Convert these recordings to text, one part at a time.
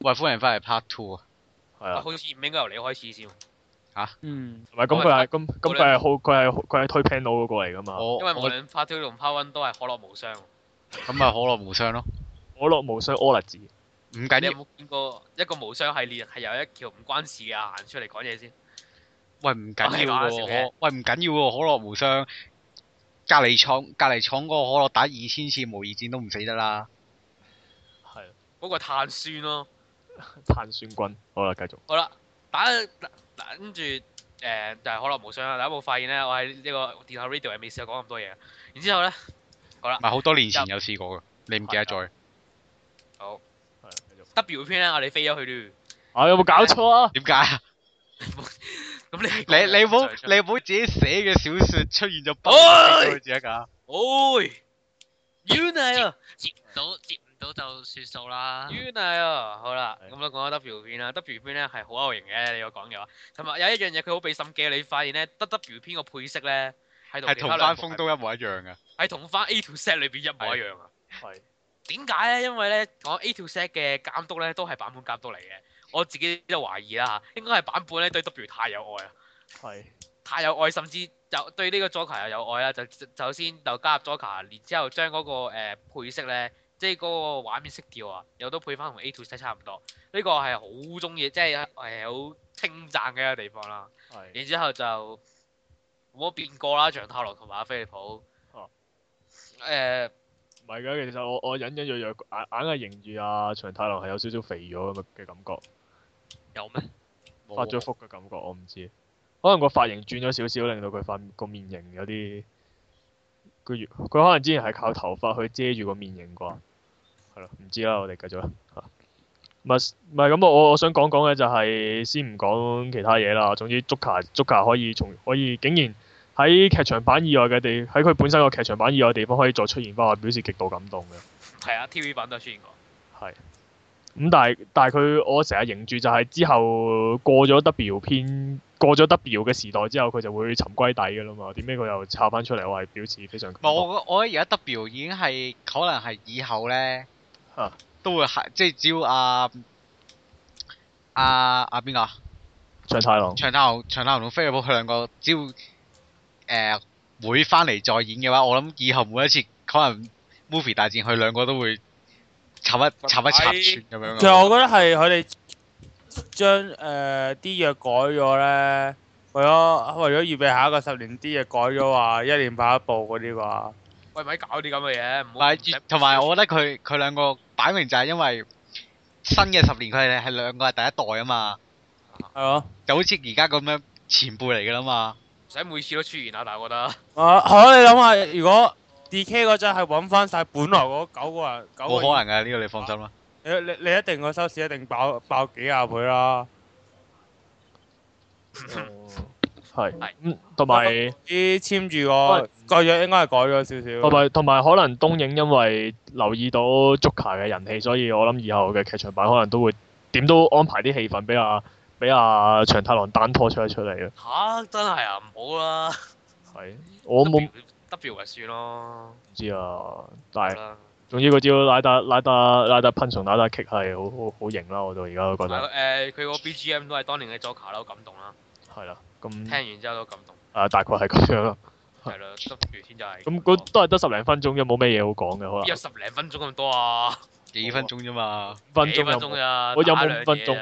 喂，歡迎翻嚟 part two 啊，係啊，好似唔應該由你開始先，吓、啊？嗯，唔係咁佢係咁咁佢係好佢係佢係推 panel 過嚟噶嘛？因為無論 part two 同 part one 都係可樂無雙、啊，咁咪 可樂無雙咯、啊，可樂無雙柯粒子，唔緊要。你有冇見過一個無雙系列係有一條唔關事嘅行出嚟講嘢先喂？ 喂，唔緊要喎，喂唔緊要喎，可樂無雙隔籬廠隔籬廠嗰個可樂打二千次無二戰都唔死得啦。係，嗰個碳酸咯、啊。碳酸君，好啦，繼續。好啦，等等住，誒，就係可樂無雙啦。大家有冇發現咧？我喺呢個電台 radio 係未試過講咁多嘢。然之後咧，好啦。唔係好多年前有試過噶，你唔記得咗？好。W 篇咧，我哋飛咗去嘟。我有冇搞錯啊？點解啊？咁你你你冇你冇自己寫嘅小說出現咗 bug，你記得噶？Oi，You 嚟啊！走！到就算數啦。冤啊、哦！好啦，咁我講下 double 片啦。double 片咧係好有型嘅。你要講嘅話，同埋有一樣嘢，佢好俾心機。你發現咧得 double 片個配色咧喺度係同翻風都一模一樣噶，係同翻 A to Z 裏邊一模一樣啊。係點解咧？因為咧講 A to Z 嘅監督咧都係版本監督嚟嘅。我自己都懷疑啦，應該係版本咧對 W 太有愛啊，係的太有愛，甚至有對呢個 Joker 又有，有愛啦。就首先就加入 Joker，然之後將嗰、那個誒、呃、配色咧。即係嗰個畫面色調啊，有都配翻同 A2C 差唔多，呢個係好中意，即係係好稱讚嘅一個地方、啊、係啦。然之後就冇變過啦，長太郎同埋阿飛利普。哦。唔係㗎，其實我我隱隱約約硬硬係認住阿長太郎係有少少肥咗嘅感覺。有咩嗎？發咗福嘅感覺，我唔知。有可能個髮型轉咗少少，令到佢塊個面型有啲。佢佢可能之前係靠頭髮去遮住個面型啩。唔、嗯、知啦，我哋繼續啦。唔係唔係咁，我我想講講嘅就係先唔講其他嘢啦。總之，捉卡捉卡可以從可以竟然喺劇場版以外嘅地，喺佢本身個劇場版以外嘅地方可以再出現翻，我表示極度感動嘅。係啊，TV 版都出現過。係。咁、嗯、但係但係佢我成日諗住就係之後過咗 W 篇，過咗 W 嘅時代之後佢就會沉歸底噶啦嘛？點解佢又插翻出嚟？我係表示非常感。冇，我我而家 W 已經係可能係以後呢。啊、都會係，即係只要阿阿阿邊個？長太龍。長太龍，長太龍同飛利浦佢兩個，只要誒、呃、會翻嚟再演嘅話，我諗以後每一次可能 movie 大戰，佢兩個都會插一插一插穿咁樣，哎。其實我覺得係佢哋將誒啲嘢改咗咧，為咗為咗預備下一個十年啲嘢改咗話一年拍一部嗰啲話。喂，咪搞啲咁嘅嘢，唔係，同埋我覺得佢佢兩個擺明就係因為新嘅十年佢哋係兩個係第一代啊嘛，係咯，就好似而家咁樣前輩嚟噶啦嘛，唔使每次都出現啊，但係我覺得啊，係咯，你諗下，如果 D，KDK 嗰陣係揾翻曬本來嗰九個人，冇可能㗎，呢個你放心啦。誒，你你一定個收視一定爆爆幾廿倍啦。係，嗯，同埋啲簽住個。個嘢應該係改咗少少，同埋同埋可能東映因為留意到《足球嘅人氣，所以我諗以後嘅劇場版可能都會點都安排啲戲份俾阿俾阿長太郎單拖出一出嚟咯。嚇、啊！真係啊，唔好啦。係，我冇 W 咪算咯。唔知啊，但係了總之佢只要拉達拉達拉達噴蟲拉達激係好好好型啦，我到而家都覺得。誒、啊，佢、呃、個 B G M 都係當年嘅《Zo 卡》啦，好感動啦、啊。係啦，咁。聽完之後都感動。誒、啊，大概係咁樣啦。係啦，w 先就係。咁都係得十零分鐘，啫，冇咩嘢好講嘅，可能。有十零分鐘咁多啊？幾分鐘咋嘛？幾分鐘咋？我有冇五分鐘。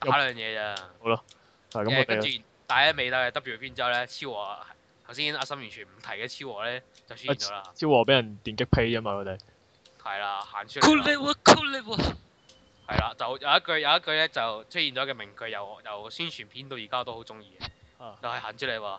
打兩嘢咋？好啦。係咁，我跟住打咗未打嘅 W 片之後咧，超和頭先阿心完全唔提嘅超和咧就輸咗啦。超和俾人電擊劈啊嘛，佢哋。係啦，行出嚟。Cool you! Cool you! 係啦，就有一句有一句咧，就出現咗嘅名句，由由宣傳片到而家都好中意嘅。啊。就係行出嚟喎。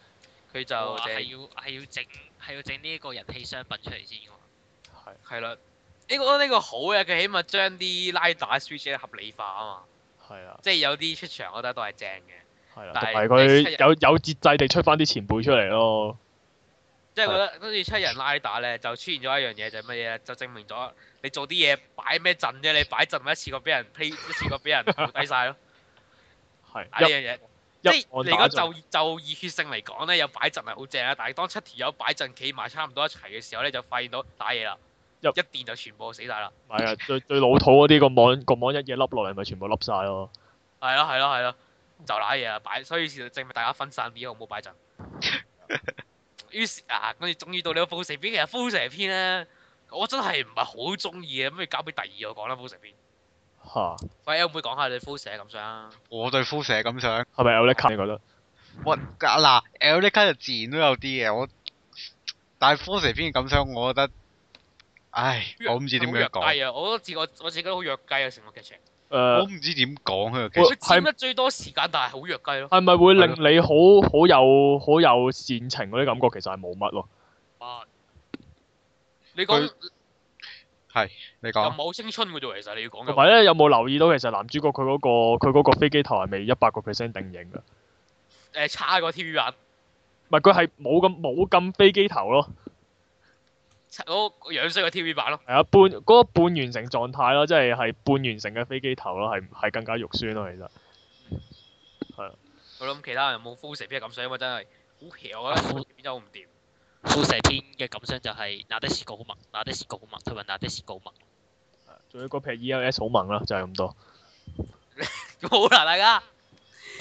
佢就係、呃、要係要整係要整呢個人氣商品出嚟先喎、啊。係。係、這、啦、個。呢個呢個好嘅，佢起碼將啲拉打輸出合理化啊嘛。係啊了。即係有啲出場，我覺得都係正嘅。係啊了。但係佢有有節制地出翻啲前輩出嚟咯。即係了覺得跟住出人拉打咧，就出現咗一樣嘢就係乜嘢？就證明咗你做啲嘢擺咩陣啫，你擺陣一次過俾人批一次過俾人批晒咯。係 analytics 對。呢樣嘢。identified 對即我哋而家就就熱血性嚟講咧，有擺陣係好正啊！但係當七條友擺陣企埋差唔多一齊嘅時候咧，就發現到打嘢啦，一,一電就全部死晒啦。係啊，最最老土嗰啲個網, 個,網、個網一嘢笠落嚟，咪、就是、全部笠晒咯。係咯係咯係咯，就攋嘢啊！擺，所以事實證明大家分散啲好冇擺陣。 於是啊，跟住終於到你個封城篇。其實封城篇咧，我真係唔係好中意啊。咁你交俾第二個講啦，封城篇。吓，喂 L 妹講下你輻射嘅感想啊，我對輻射嘅感想，係咪 L 叻卡你覺得？喂，嗱，L 叻卡就自然都有啲嘅，我但係輻射嘅感想，我覺得，唉，弱我唔知點樣講。弱啊！我都自個我，我自己都好弱雞啊，成個劇情。誒、呃，我唔知點講啊。佢佔得最多時間，但係好弱雞咯，啊。係咪會令你好好有好有煽情嗰啲感覺？其實係冇乜咯。你講。係你講又冇青春嘅啫，其實你要講嘅同埋咧，有冇留意到其實男主角佢嗰個佢嗰個飛機頭係未一百個 percent 定型嘅？誒，差個 TV 版，唔係佢係冇咁冇咁飛機頭咯，嗰樣衰嘅 TV 版咯。係啊，半嗰個半完成狀態咯，即係係半完成嘅飛機頭咯，係係更加肉酸咯，其實係。係啊，我諗其他人有冇 full shape 咁衰啊？真係好奇啊，邊度唔掂？《輻射篇》嘅感想就係納德斯哥好猛，納德斯哥好猛，同埋納德斯哥好猛。仲有嗰撇 E O S 好猛啦，就係咁多。好啦，大家。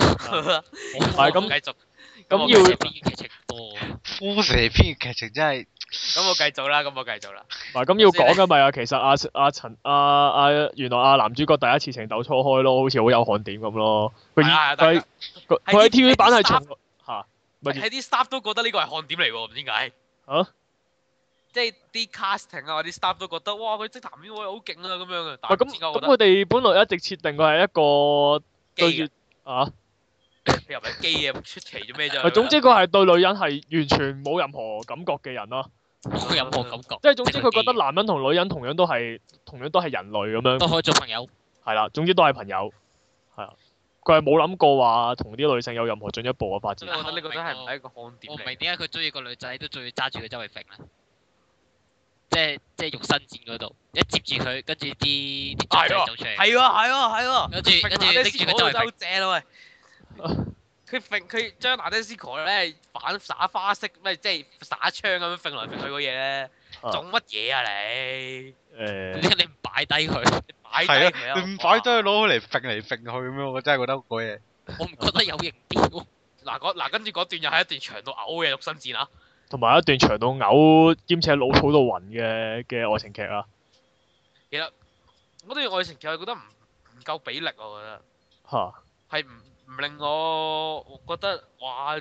唔係咁繼續，咁要。輻射篇嘅劇情多。輻射篇劇情真係。咁我繼續啦，咁我繼續啦。唔係咁要講嘅咪啊，其實阿阿陳阿阿原來阿男主角第一次情竇初開咯，好似好有看點咁咯。佢佢佢喺 TV 版係從。喺啲 staff 都覺得呢個係看點嚟喎，唔知點解。嚇！即係啲 casting 啊，或者啲 staff 都覺得，哇！佢即談邊位好勁啊，咁樣啊。咁咁，佢哋本來一直設定佢係一個基啊。佢又咪基嘅，出奇做咩啫？總之佢係對女人係完全冇任何感覺嘅人咯，冇任何感覺。即係總之佢覺得男人同女人同樣都係，同樣都係人類咁樣。都可以做朋友。係啦，總之都係朋友。係啊。佢係冇諗過話同啲女性有任何進一步嘅發展。我覺得呢個真係唔係一個看點。我唔明點解佢中意個女仔都仲要揸住佢周圍揈咧？即係即係肉身戰嗰度，一接住佢，跟住啲啲炸彈走出嚟。係喎係喎係喎。跟住跟住拎住佢周圍揈。我收謝啦喂。佢揈佢將 Nadesico 咧反耍花式，咩即係耍槍咁樣揈來揈去個嘢咧。做乜嘢啊你？你你擺低佢，擺低佢啊！唔擺低佢，攞佢嚟揈嚟揈去咁樣，我真係覺得鬼嘢。我唔覺得有型變喎。嗱嗰嗱，跟住嗰段又係一段長到嘔嘅肉身戰啊。同埋一段長到嘔，兼且老土到暈嘅嘅愛情劇啊。其實我對愛情劇覺得唔唔夠比例，我覺得吓係唔唔令我覺得哇，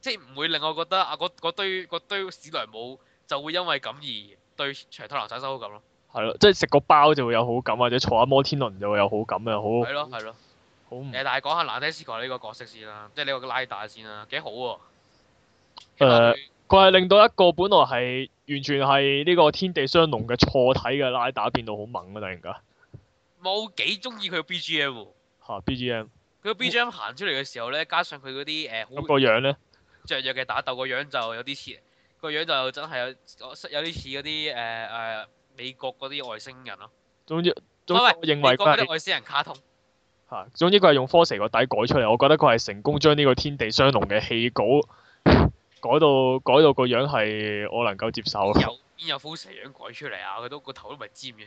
即係唔會令我覺得啊，嗰嗰堆嗰堆史萊姆。就會因為咁而對長腿男仔產生好感咯。係咯，即係食個包就會有好感，或者坐下摩天輪就會有好感嘅，好。係咯，係咯。好不。誒，但係講下藍迪斯奎呢個角色先啦，即係呢個拉打先啦，幾好喎。佢係、呃、令到一個本來係完全係呢個天地相容嘅錯體嘅拉打變到好猛啊！突然間。冇幾鍾意佢嘅 BGM。嚇，BGM、啊。佢嘅 BGM 行出嚟嘅時候咧，加上佢嗰啲誒。嗰、呃、個樣咧？著著嘅打鬥個樣就有啲似。個樣就又真係有，有啲似嗰啲誒誒美國嗰啲外星人咯。總之，總認為美國嗰啲外星人卡通嚇，總之佢係用火星個底改出嚟，我覺得佢係成功將呢個天地雙龍嘅戲稿改到改到個樣係我能夠接受。邊有火星樣改出嚟啊？佢都個頭都唔係尖嘅。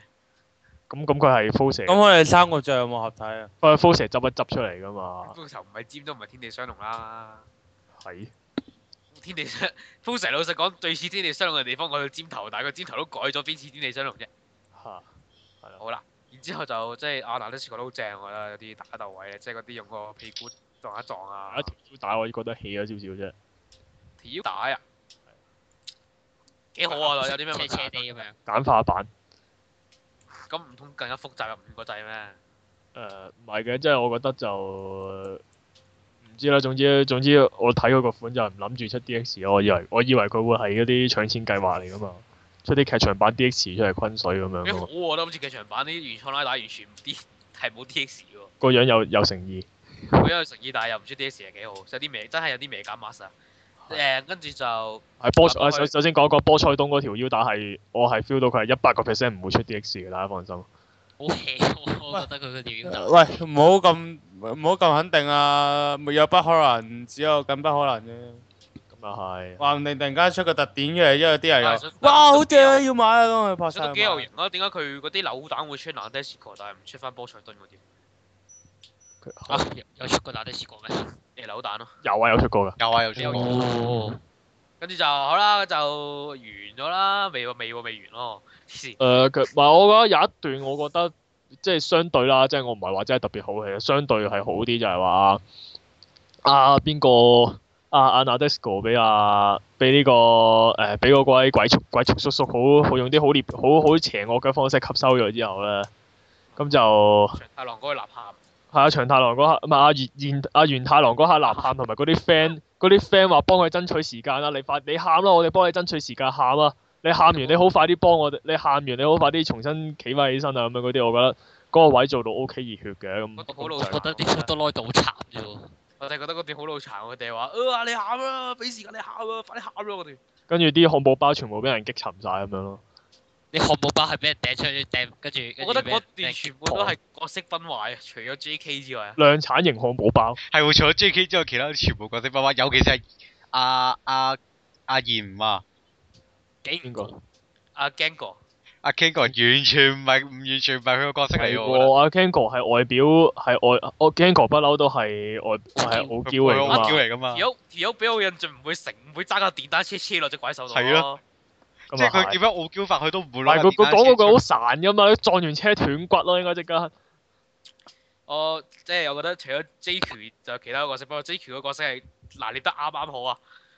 咁咁佢係火星。咁佢哋三個像有冇合體啊？啊，火星執一執出嚟噶嘛。個頭唔係尖都唔係天地雙龍啦。係。天地雙，封神老實講最似天地雙龍嘅地方，我個尖頭，但係個尖頭都改咗，邊似天地雙龍啫？嚇，係啦。好啦，然之後就即係阿娜都試過，都好正，我覺得有啲打鬥位，即係嗰啲用個屁股撞一撞啊！一條腰打我已覺得起咗少少啫。條腰打啊？幾的好啊！ 有啲咩問題？斜斜地咁樣。簡化版。咁唔通更加複雜有五個掣咩？誒、呃，唔係嘅，即係我覺得就。唔知啦，總之總之我睇嗰個款就唔諗住出 D X 我以為我以為佢會係嗰啲搶錢計劃嚟噶嘛，出啲劇場版 D X 出嚟昆水咁樣。我覺得好似劇場版啲原創拉打完全唔啲，係冇 D X 喎。個樣有有誠意。佢有誠意，但係又唔出 D X 係幾好，有啲味真係有啲味加 mask 啊！誒，跟住就。係菠首先講一講波塞冬嗰條腰帶係，我係 feel 到佢係一百個 percent 唔會出 D X 嘅，大家放心。好 h 我覺得佢個條腰帶。喂，唔好咁。唔好咁肯定啊，沒有不可能，只有更不可能啫。咁又係。話唔定突然間出個特點嘅，因為啲人有。哇，好正啊，要買啊，咁啊，怕晒。都幾有型啊？點解佢嗰啲扭蛋會出蘭迪斯狂，但係唔出翻波塞頓嗰啲？啊，有出過蘭迪斯狂嘅，係扭蛋咯。有啊，有出過噶。有啊，有出過。哦。跟住就好啦，就完咗啦，未未未完咯。是。誒，佢唔係，我覺得有一段，我覺得。即係相對啦，即係我唔係話真係特別好，其實相對係好啲就係話啊邊個啊阿阿 d e s 俾啊俾呢、呢個誒俾、呃、個鬼鬼叔鬼畜叔叔好用好用啲好好好邪惡嘅方式吸收咗之後咧，咁、嗯、就長太郎嗰個吶喊係啊長太郎嗰下唔係阿元元阿元太郎嗰下吶喊，同埋嗰啲 friend 嗰啲 friend 話幫佢爭取時間啦、啊，你快你喊啦，我哋幫你爭取時間喊啊！你喊完你好快啲幫我哋，你喊完你好快啲重新企埋起身啊！咁樣嗰啲我覺得嗰個位做到 O K 熱血嘅咁。我好老覺得啲好多拉倒殘啫，我就係覺得嗰段好腦殘，我哋話啊你喊啊，俾時間你喊啊，快啲喊啦！我哋。跟住啲漢堡包全部俾人擊沉晒。咁樣咯。你漢堡包係俾人掟出去跟住。我覺得嗰段全部都係角色崩壞，除咗 J K 之外。量產型漢堡包。係會除咗 J K 之外，其他全部角色崩壞，尤其是阿阿阿嚴啊。啊啊啊啊啊驚過，阿 Gango，阿 Gango 完全唔係，唔完全唔係佢個角色嚟喎，阿 Gango 係外表係外，我 Gango 不嬲都係外係傲嬌嚟嘛。傲嬌嚟噶嘛。如果如果俾我印象唔會成唔會揸架電單車車落隻鬼手度。係咯。即係佢變翻傲嬌法？佢都唔會拉佢，佢講嗰句好散噶嘛，撞完車斷骨咯，應該即刻。我、哦、即係我覺得除咗 JQ 就其他角色，不過 JQ 個角色係拿捏得啱啱好啊。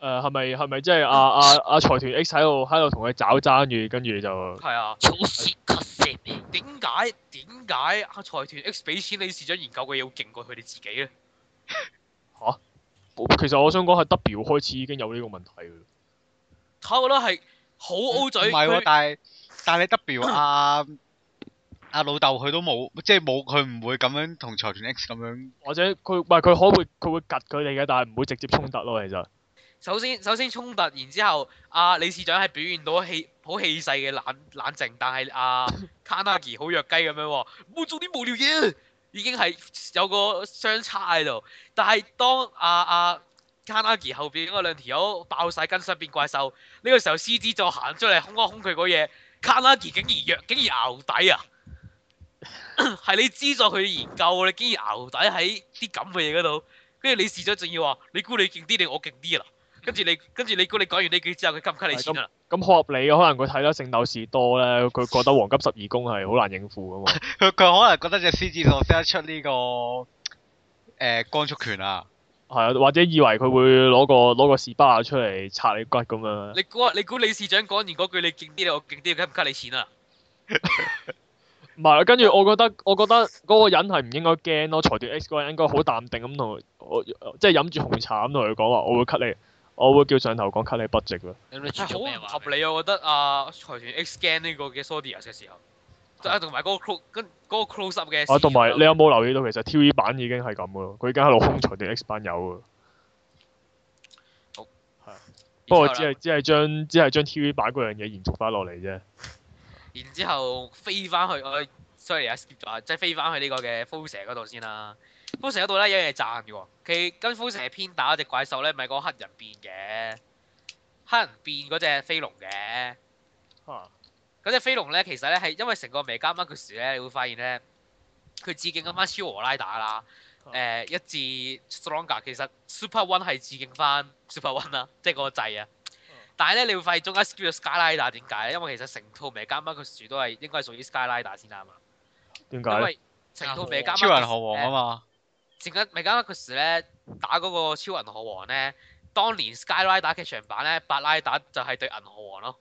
誒，係咪係咪即係阿阿阿財團 X 喺度喺度同佢找爭住，跟住就係啊。點解點解阿財團 X 俾錢你試咗研究嘅嘢，勁過佢哋自己咧？吓，其實我想講係 W 開始已經有呢個問題㗎啦。吓，我覺得係好 O 嘴。唔係喎，但係但係你 W 阿阿老豆佢都冇，即係冇佢唔會咁樣同財團 X 咁樣。或者佢唔係佢可會佢會夾佢哋嘅，但係唔會直接衝突咯。其實。首先，首先衝突，然之後，阿李市長係表現到氣好氣勢嘅冷冷靜，但係阿 Karnagi 好弱雞咁樣喎，唔、哦、做啲無聊嘢，已經係有個相差喺度。但係當阿阿、啊啊、Karnagi 後邊嗰兩條友爆晒筋身變怪獸呢、這個時候轟轟，獅子就行出嚟，空一空佢個嘢。Karnagi 竟然弱，竟然牛底啊！係 你資助佢研究，你竟然牛底喺啲咁嘅嘢嗰度，跟住李市長仲要話，你估你勁啲定我勁啲啊？跟住你，跟住你,你,你,你,、啊、 你，估你講完呢句之後有有、啊，佢 cut 唔 cut 你錢啊？咁咁合理可能佢睇得聖鬥士多咧，佢覺得黃金十二宮係好難應付噶嘛。佢 可能覺得隻獅子座識得出呢、這個誒、呃、光速拳啊。係啊，或者以為佢會攞個攞個士巴拿出嚟拆你骨咁啊。 你估你估李市長講完嗰句，你勁啲我勁啲，佢唔 cut 你錢啊？唔係， 跟住我覺得，我覺得嗰個人係唔應該驚咯。裁掉 X 嗰個人應該好淡定咁同我，即係飲住紅茶咁同佢講話，我會 cut 你。我會叫上頭講卡，你筆值咯，真好合理啊！我覺得啊，財團 Xgen a 呢個嘅 s o u d i u s 嘅時候，同埋嗰個 Clo 嗰個 Closeup 嘅。啊，同埋、啊、你有冇留意到其實 TV 版已經係咁嘅，佢而家喺度空財團 X 班友啊！係，不過我只係只係將只係將 TV 版嗰樣嘢延續翻落嚟啫。然之後飛翻去 sorry skip 啊，即係飛翻去呢個嘅 f o o l e r 嗰度先啦。封城嗰度咧有一樣嘢讚嘅喎，佢跟封城係偏打隻怪獸咧，咪嗰個黑人變嘅黑人變嗰隻飛龍嘅，嗰隻哈飛龍咧其實咧係因為成個《迷加孖爵士》咧，你會發現咧佢致敬緊翻昭和拉打啦，誒、嗯呃、一至 stronger，其實 super one 係致敬翻 super one 啦，即係嗰個掣啊。但係咧，你會發現中間 skip 咗 sky 拉打點解咧？因為其實成套《迷加孖爵士》都係應該係屬於 sky 拉打先啱啊。點解？因為成套《迷加孖爵士》超人後王啊嘛。陣間，美加莫斯咧打嗰個超銀河王咧，當年 Sky 拉打劇場版咧，八拉打就係對銀河王咯。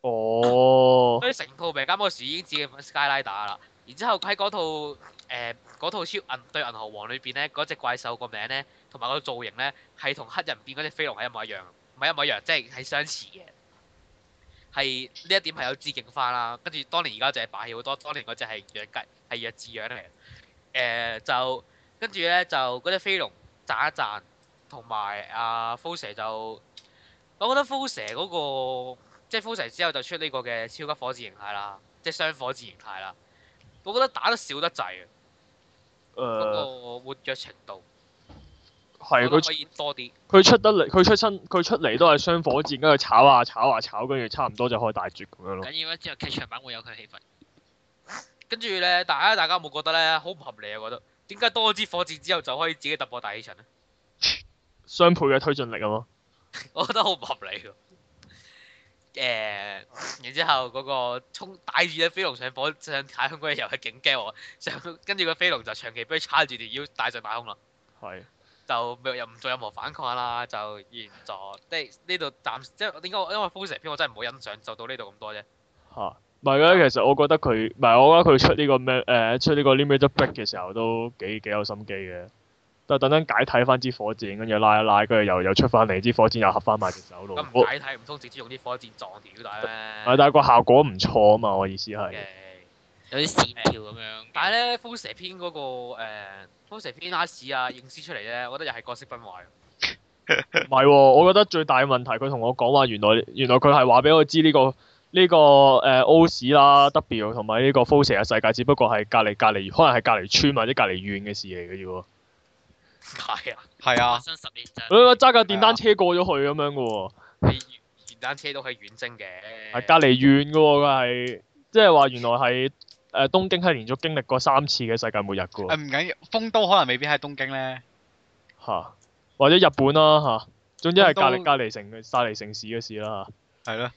哦。佢成套美加莫斯已經致敬咗 Sky 拉打啦。然之後喺嗰套誒嗰、呃、套超銀對銀河王裏邊咧，嗰隻怪獸個名咧，同埋個造型咧，係同黑人變嗰隻飛龍係一模一樣，唔係一模一樣，即係係相似嘅。係呢一點係有致敬翻啦。跟住當年而家就係擺氣好多，當年嗰隻係弱雞，係弱智樣嚟嘅。誒、呃、就。跟住咧就嗰隻飛龍賺一賺，同埋阿 Foser 就，我覺得 Foser 嗰、那個即係 Foser 之後就出呢個嘅超級火箭形態啦，即、就、係、是、雙火箭形態啦。我覺得打得少得滯啊！嗰、呃、活躍程度係佢是可以多啲。佢出得嚟，佢出身，佢出嚟都係雙火箭，跟住炒下炒下炒，炒，炒，炒，跟住差唔多就開大絕咁樣咯。緊要咧，之後劇場版會有佢嘅氣氛。跟住咧，大家大家有冇覺得咧？好唔合理啊！覺得。點解多支火箭之後就可以自己突破大氣層咧？雙倍嘅推進力啊！ 我覺得好唔合理。誒、欸，然之後嗰個衝帶住隻飛龍上火上太空嗰陣又係勁驚我，上跟住個飛龍就長期俾佢叉住條腰帶上太空啦。係是。就又唔做任何反抗啦，就然咗。即係呢度暫時即係點解？因為《Frozen》片我真係唔好欣賞，就到呢度咁多啫。吓。唔係咧，其實我覺得佢，唔係、啊，我覺得佢出呢個咩？誒、呃，出呢個《Limited Break》嘅時候都幾幾有心機嘅。就等等解體翻支火箭，跟住拉一拉，跟住又又出翻嚟支火箭，又合翻埋隻手路。咁唔 解體唔通直接用啲火箭撞條腰帶咩？但係個效果唔錯啊嘛！我意思係。Okay. 有啲閃跳咁樣。但係咧，封蛇篇嗰個誒、呃、封蛇篇，阿史啊認輸出嚟咧，我覺得又係角色崩壞。唔係喎，我覺得最大問題，佢同我講話，原來原來佢係話俾我知呢個。呢、這個誒、呃、歐市啦、W 同埋呢個 Forsy 嘅世界，只不過係隔離隔離，可能係隔離村或者隔離縣嘅事嚟嘅啫喎。係 啊，係啊，新、就、十、是、年揸架 電單車過咗去咁樣嘅喎。電單車都可以遠征嘅。係隔離縣嘅喎，佢係即係話原來係誒、呃、東京係連續經歷過三次嘅世界末日嘅喎。唔緊要，風都可能未必喺東京咧。嚇，或者日本啦、啊、嚇，總之係隔離東都 隔離城嘅、隔離城市嘅事啦嚇。係咯。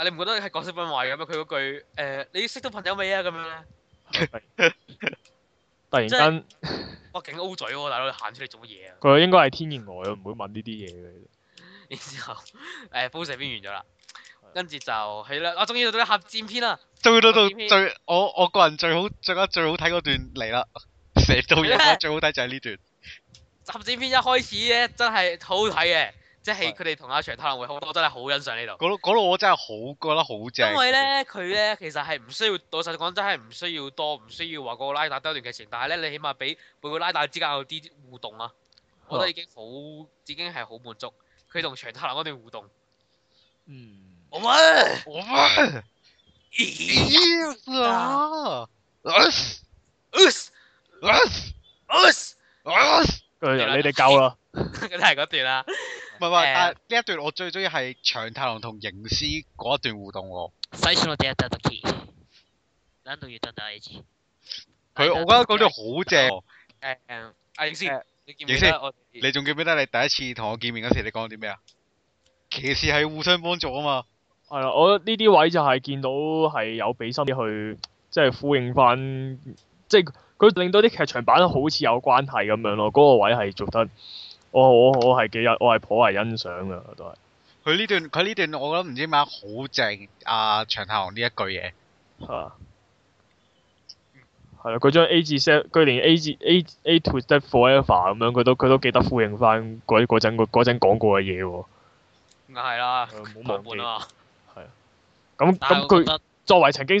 但你唔覺得係角色崩壞嘅咩？佢句誒、呃，你識到朋友未啊？咁樣突然間哇，勁 O 嘴喎大佬，行出嚟做乜嘢啊？佢應該係天然呆，唔會問呢啲嘢嘅。然之後誒，封神篇完咗啦，嗯、跟住就係啦，我終於到咗合戰篇啦，最到到最我我個人最好最得最好睇嗰段嚟啦，寫到嘢最好睇就係呢段。合戰篇一開始咧，真係好好睇嘅。即係佢哋同阿長泰倫會，我真係好欣賞呢度。嗰度我真係好覺得好正。因為咧，佢咧其實係唔需要，老實講真係唔需要多，唔需要話個拉大多段劇情。但係咧，你起碼俾每個拉大之間有啲互動啊，我覺得已經好，已經係好滿足。佢同長泰倫嗰段互動。嗯。我們我們嗯嗯、你哋夠啦，都係嗰段啦。唔係唔係，誒，呢一段我最中意係長太郎同刑事嗰一段互動喎。洗船我第一集都見，難道要等第二次？佢，我覺得嗰段好正。誒，刑事，刑事，你仲記唔記得你第一次同我見面嗰時，你講啲咩啊？騎士係互相幫助啊嘛。係啦，我呢啲位就係見到係有俾心去，即係呼應翻，即係。佢令到啲劇場版好似有關係咁樣咯，嗰、嗰個位係做得，我我我係幾日，我係頗為欣賞噶，我都係。佢呢段，佢呢段我覺得唔知點解好正，阿、啊、長太王呢一句嘢。係啊。係啊，佢將 A 字 s 佢連 A 字 A A, A twist forever 咁樣，佢都佢都記得呼應翻嗰嗰陣嗰陣講過嘅嘢喎。咁係啦，冇埋本啊。係。咁咁佢作為曾經。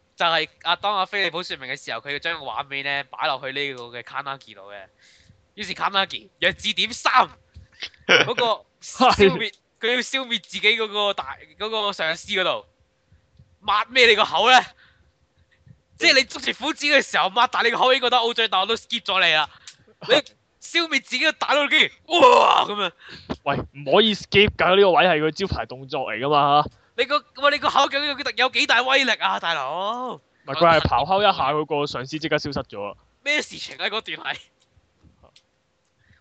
但係阿當阿菲利普説明嘅時候，佢要將個畫面咧擺落去呢個嘅 Karnagi 度嘅。於是 Karnagi 用字典三嗰個消滅，佢 要消滅自己嗰個大嗰、嗰個上司嗰度。抹咩你個口咧？ 即係你捉住虎子嘅時候抹大你個口，已經覺得好醉，但我都 skip 咗你啦。你消滅自己個大佬居然哇咁啊！樣喂，唔可以 skip 㗎，呢、呢個位係佢招牌動作嚟㗎嘛～你個喂你個口究竟有幾大威力啊，大佬？唔係佢係咆哮一下，佢、嗯、個上司即刻消失咗。咩事情啊？嗰段係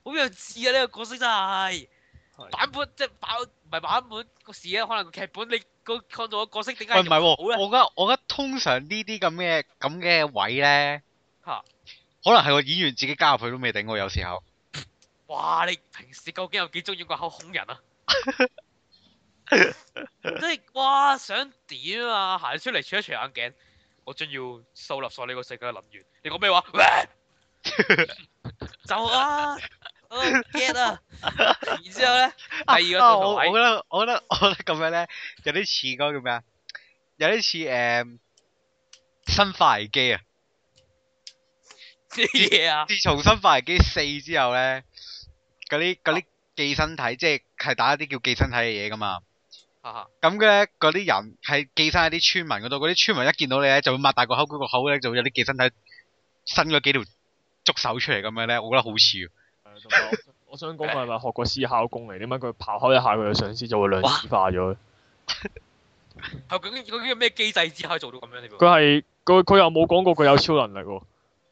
好弱智啊！呢、啊這個角色真係、啊、版本即版唔係版本個事啊，可能劇本你個創到個角色點解？唔係、哎啊，我覺得我覺得通常呢啲咁嘅咁嘅位咧，啊、可能係個演員自己加入去都未頂。我有時候，哇！你平時究竟有幾中意個口恐人啊？ 即係 哇，想點啊？行出嚟除一除眼鏡，我仲要收納入呢個世界嘅能源。你講咩話？就啊 g 啊， 啊然之後咧，第二個、啊、我我覺得我覺得我覺得咁樣咧有啲似嗰個叫咩啊？有啲似誒生化危機啊！咩嘢啊？ 自從生化危機四之後咧，嗰啲嗰啲寄生體，啊、即係係打一啲叫寄生體嘅嘢噶嘛。咁嘅咧，嗰啲人係寄生喺啲村民嗰度，嗰啲村民一見到你咧，就會擘大個口，嗰個口咧就會有啲寄生體伸咗幾條觸手出嚟咁樣咧，我覺得好笑、嗯我。我想講佢係咪學過思考功嚟，點解佢刨開一下，佢嘅上司就會量子化咗？係佢佢呢個咩機制之可以做到咁樣佢係佢佢又冇講過佢有超能力喎。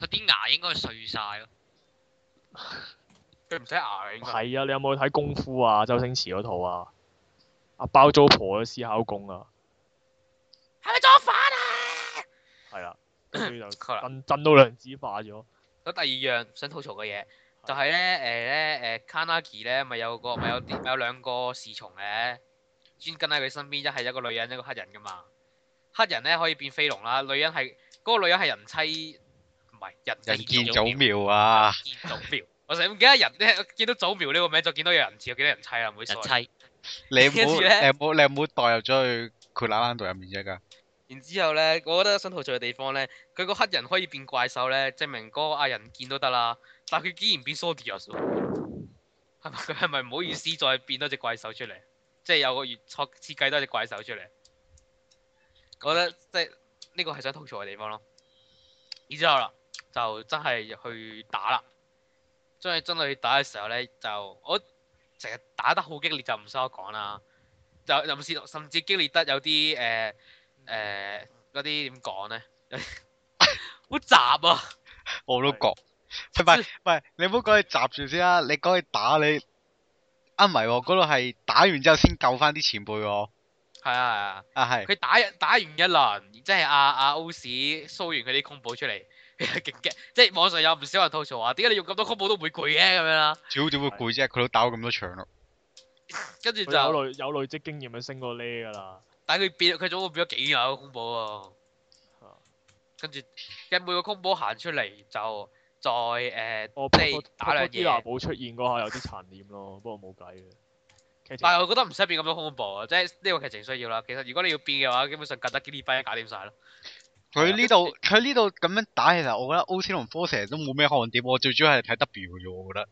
佢啲牙應該碎晒咯，佢唔使牙嘅。係啊，你有冇去睇功夫啊？周星馳嗰套啊？阿包租婆嘅思考功啊！係咪作反啊？係啦，跟住就震 震到量子化咗。第二樣想吐槽嘅嘢是的 就係、是、咧，誒咧誒，卡納基咧咪有個咪有啲咪有兩個侍從咧，專跟喺佢身邊，一係一個女人，一個黑人噶嘛。黑人咧可以變飛龍啦，女人係嗰、那個女人係人妻，唔係人。人，人見祖苗、苗啊！見祖苗， 我成日唔記得人咧，見到祖苗呢個名就見到有人，有人，到有人，有人妻，有幾多人妻啊？唔好意你唔好，呃，你唔好，代入咗去佢冷腦度入面啫噶。然之後咧，我覺得想吐槽嘅地方咧，佢個黑人可以變怪獸咧，證明個阿人見都得啦。但佢竟然變 Sodius，係咪係咪 唔好意思再變多隻怪獸出嚟，即係有個原創設計多隻怪獸出嚟，我覺得即係呢、這個係想吐槽嘅地方咯。然之後啦，就真係去打啦。真係真係去打嘅時候咧，就我。成日打得好激烈，就唔使我講啦，就甚至激烈得有啲誒誒嗰啲點講咧，好雜啊！ 我都覺說，唔係唔係，你唔好講佢雜住先啦，你講佢打你，啊唔係喎，嗰度係打完之後先救翻啲前輩喎。係啊係啊，啊係。佢、啊啊、打一打完一輪，即係阿阿 O 市蘇完佢啲空堡出嚟。啊啊啊啊啊啊啊係勁嘅 即係網上有唔少人吐槽話，啊，點解你用咁多空堡都唔會攰嘅咁樣啦，啊？少點會攰啫，佢 都打咗咁多場咯。跟住就有累有累積經驗咪升過你噶啦？但係佢變佢總會變咗幾廿個空堡喎。跟住，跟每個空堡行出嚟就再誒即係打兩嘢。朱華寶出現嗰下有啲殘念咯，不過冇計嘅，劇情。但係我覺得唔使變咁多空堡啊，即係呢個劇情需要啦。其實如果你要變嘅話，基本上近得幾呢分搞掂晒咯。 佢呢度佢呢度咁樣打，其實我覺得 O.C. 同科蛇都冇咩看點，我最主要係睇 W 嘅啫，我覺得。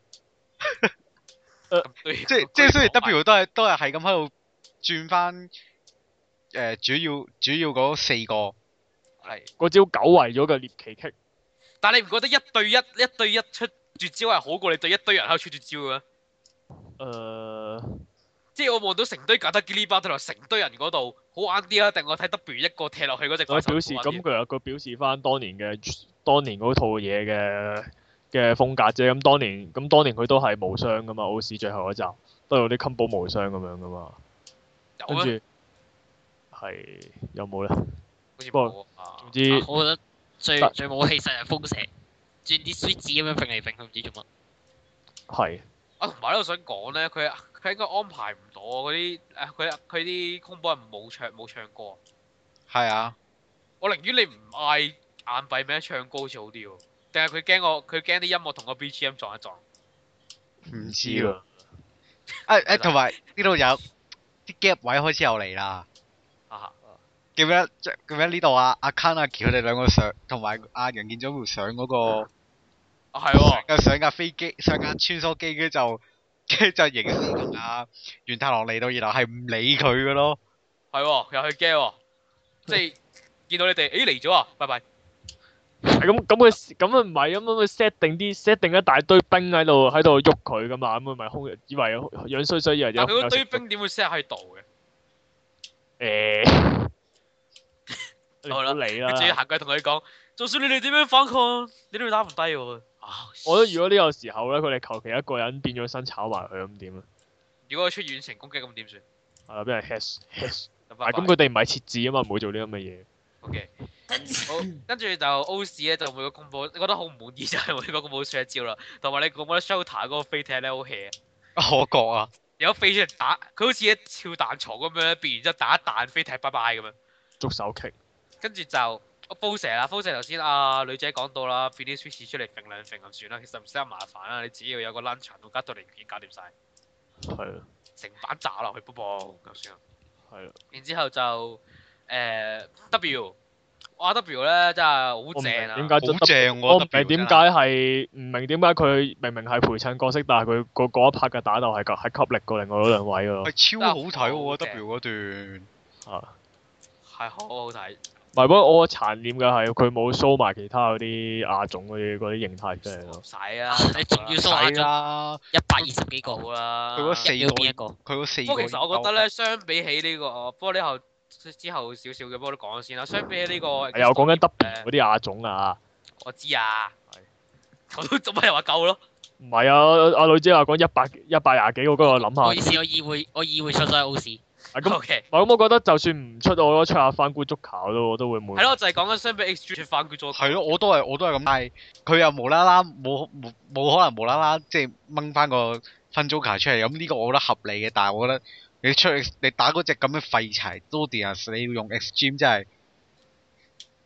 即係即係雖然 W 都係都係係咁喺度轉翻，誒、呃，主要主要嗰四個係嗰是招久違咗嘅獵奇擊。但你唔覺得一對一一對一出絕招係好過你對一堆人喺度出絕招嘅咩？誒、呃。即係我望到成堆格得基利巴喺度，成堆人嗰度好玩啲啊！定我睇 W 一個踢落去嗰隻？我表示咁佢又佢表示翻當年嘅當年嗰套嘢嘅嘅風格啫。咁當年咁當年佢都係無傷噶嘛？奧斯最後一集都有啲 combo 無傷咁樣噶嘛。跟住係有冇咧？好似不過我唔知。我覺得最最冇氣勢係風射，轉啲 switch 咁樣揈嚟揈去，唔知做乜。係啊，同埋我都想講咧，佢。佢應該安排唔到啊！嗰啲誒，佢佢啲空播人冇唱冇唱歌。係啊，我寧願你唔嗌眼閉名唱歌好似好啲喎。定係佢驚我佢驚啲音樂同個 BGM 撞一撞。唔知喎。誒誒、啊，同埋呢度有啲 gap 位開始又嚟啦、啊。啊嚇。叫咩？叫咩？呢度啊，阿 Ken 阿喬，佢哋、啊、兩個上，同埋阿楊建宗上嗰、那個。嗯、啊係喎。哦、上架飛機，上架穿梭機，跟住就。即係就刑思同阿袁太郎嚟到二樓，係唔理佢噶咯。係又去驚，即係見到你哋，哎嚟咗啊，拜拜。咁咁佢咁啊唔係咁樣，set 定啲 set 定一大堆兵喺度喺度喐佢噶嘛，咁佢咪空以為樣衰衰以為有。但係佢嗰堆兵點會 set 喺度嘅？誒，好啦，你啦，佢自己行過去同佢講，就算你哋點樣反抗，你都打唔低我。我覺得如果呢個時候咧，佢哋求其一個人變咗身炒埋佢，咁點啊？如果佢出遠程攻擊，咁點算？係俾人 has has。係咁，佢哋唔係設置啊嘛，唔會做呢咁嘅嘢。O K，好，跟住就 O 市咧，就每個攻波你覺得好唔滿意，就係每個攻波出一招啦。同埋你講得 s h o o t a r 嗰個飛踢咧好 hea，我覺啊，有飛出打，佢好似一跳彈槽咁樣，變然之後打一彈飛踢拜拜咁樣，捉手旗，跟住就。煲蛇啦，煲蛇頭先阿女仔講到啦，變啲 switch 出嚟揈兩揈就算啦，其實唔使咁麻煩啦，你只要有個 len 長，我加到嚟件搞掂晒。係啊。成板砸落去，啵啵就算啊。係啊。然之後就誒 W，哇 W 咧真係好正啊！點解真好正？我唔明點解係，唔明點解佢明明係陪襯角色，但係佢嗰嗰一 part 嘅打鬥係級係吸力過另外嗰兩位咯。係超好睇，我覺得 W 嗰段吓，係好好睇。唔係，不過我殘念嘅係佢冇 show 埋其他嗰啲亞種嗰啲啲形態出嚟咯。使啊，你仲要 show 啦，一百二十幾個好啦。佢嗰四個，佢嗰四個。不過其實我覺得咧，相比起呢個，不過之後之後少少嘅，幫你講先啦。相比起呢個，係啊，我講緊 W 嗰啲亞種啊。我知啊，我都做咩又話夠咯？唔係啊，阿女姐話講一百一百廿幾個，嗰個諗下。我意思，我意會，我意會出咗係 OC。咁、啊嗯、OK、嗯、我覺得就算唔出我都出下反孤足球咯， 我都會滿。係咯，就係講緊相比 Extreme 反孤足球。係咯，我都係我都係咁，但係佢又無啦啦冇冇可能無啦啦即係掹翻個分租球出嚟。咁呢個我覺得合理嘅，但係我覺得你出去你打嗰隻咁嘅廢柴，Dodians，你要用 Extreme 真係。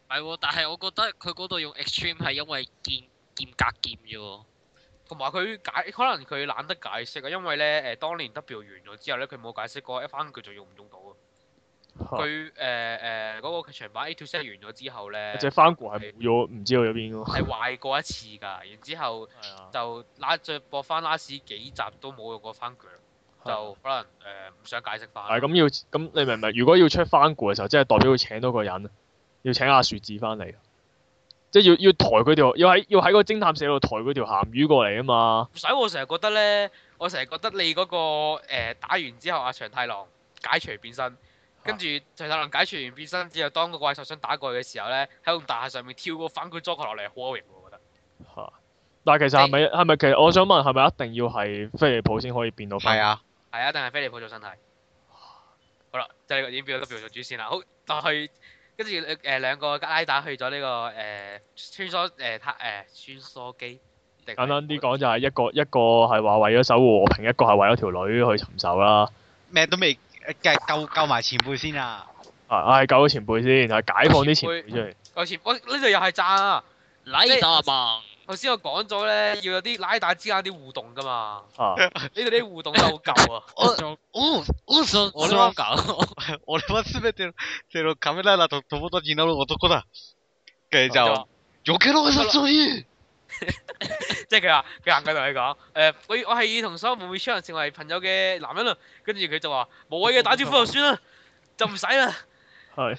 係喎，但係我覺得佢嗰度用 Extreme 係因為劍劍格劍啫喎。同埋佢解可能佢懶得解釋啊，因為咧誒、呃、當年 W 完咗之後咧，佢冇解釋過，一翻佢就用唔用到啊。佢誒誒嗰個劇場版 A to 完咗之後咧，只番組係冇用，唔知佢喺邊咯。係壞過一次㗎，然之後就拉着是、啊、播翻拉屎幾集都冇用過番組，哈 就可能誒唔、呃、想解釋翻。係咁、啊、要咁你明唔明？如果要出番組嘅時候，即、就、係、是、代表佢請多個人，要請阿樹子翻嚟，即係要要抬佢條，要喺要喺個偵探社度抬佢條鹹魚過嚟啊嘛！唔使我成日覺得咧，我成日覺得你嗰、那個、呃、打完之後阿長太郎解除變身，跟、啊、住長太郎解除完變身之後，當個怪獸想打過去嘅時候咧，喺個大廈上面跳個反觀捉球落嚟好型喎，我覺得。但係其實係咪係咪其實我想問係咪一定要係菲利普先可以變到？係啊！係啊！定係菲利普做身體。好啦，就係已經變咗變做主線啦。好，但係。跟住誒兩個拉打去咗呢個誒穿梭誒塔，誒穿梭機，簡單啲講就係一個，一個係話為咗守護和平，一個係為咗條女去尋仇啦。咩都未，誒救救埋前輩先啊！啊，唉，救咗前輩先，就係解放啲前輩出嚟。我前，我呢度又係炸啊！拉打啊棒！頭先我講咗，咧，要有啲拉大之間啲互動噶嘛。呢度啲互動都好舊啊。我我我上我呢班狗，我呢班姊妹聽聽到卡梅拉啦同，同我哋見到我大哥啦，佢就叫佢攞個手槍，即係佢話佢硬係同你講，誒，我我係同所有妹妹木昌成為朋友嘅男人啦，跟住佢就話無謂嘅，打招呼就算啦，就唔使啦。係。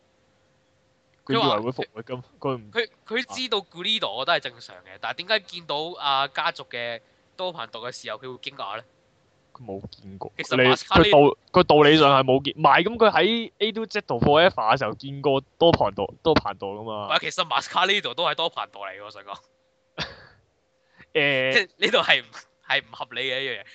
佢以為會復活㗎，佢唔佢佢知道 Gurido 都係正常嘅，但係點解見到阿、啊、家族嘅多彭度嘅時候，佢會驚訝咧？佢冇見過，其實 m 佢道佢道理上係冇見，唔係咁佢喺 A Do j t t Forever 嘅時候見過多彭度多彭度㗎嘛？其實 m a s k a r 呢度都係多彭度嚟嘅，我想講。誒、 欸，呢度係係唔合理嘅一樣嘢。這個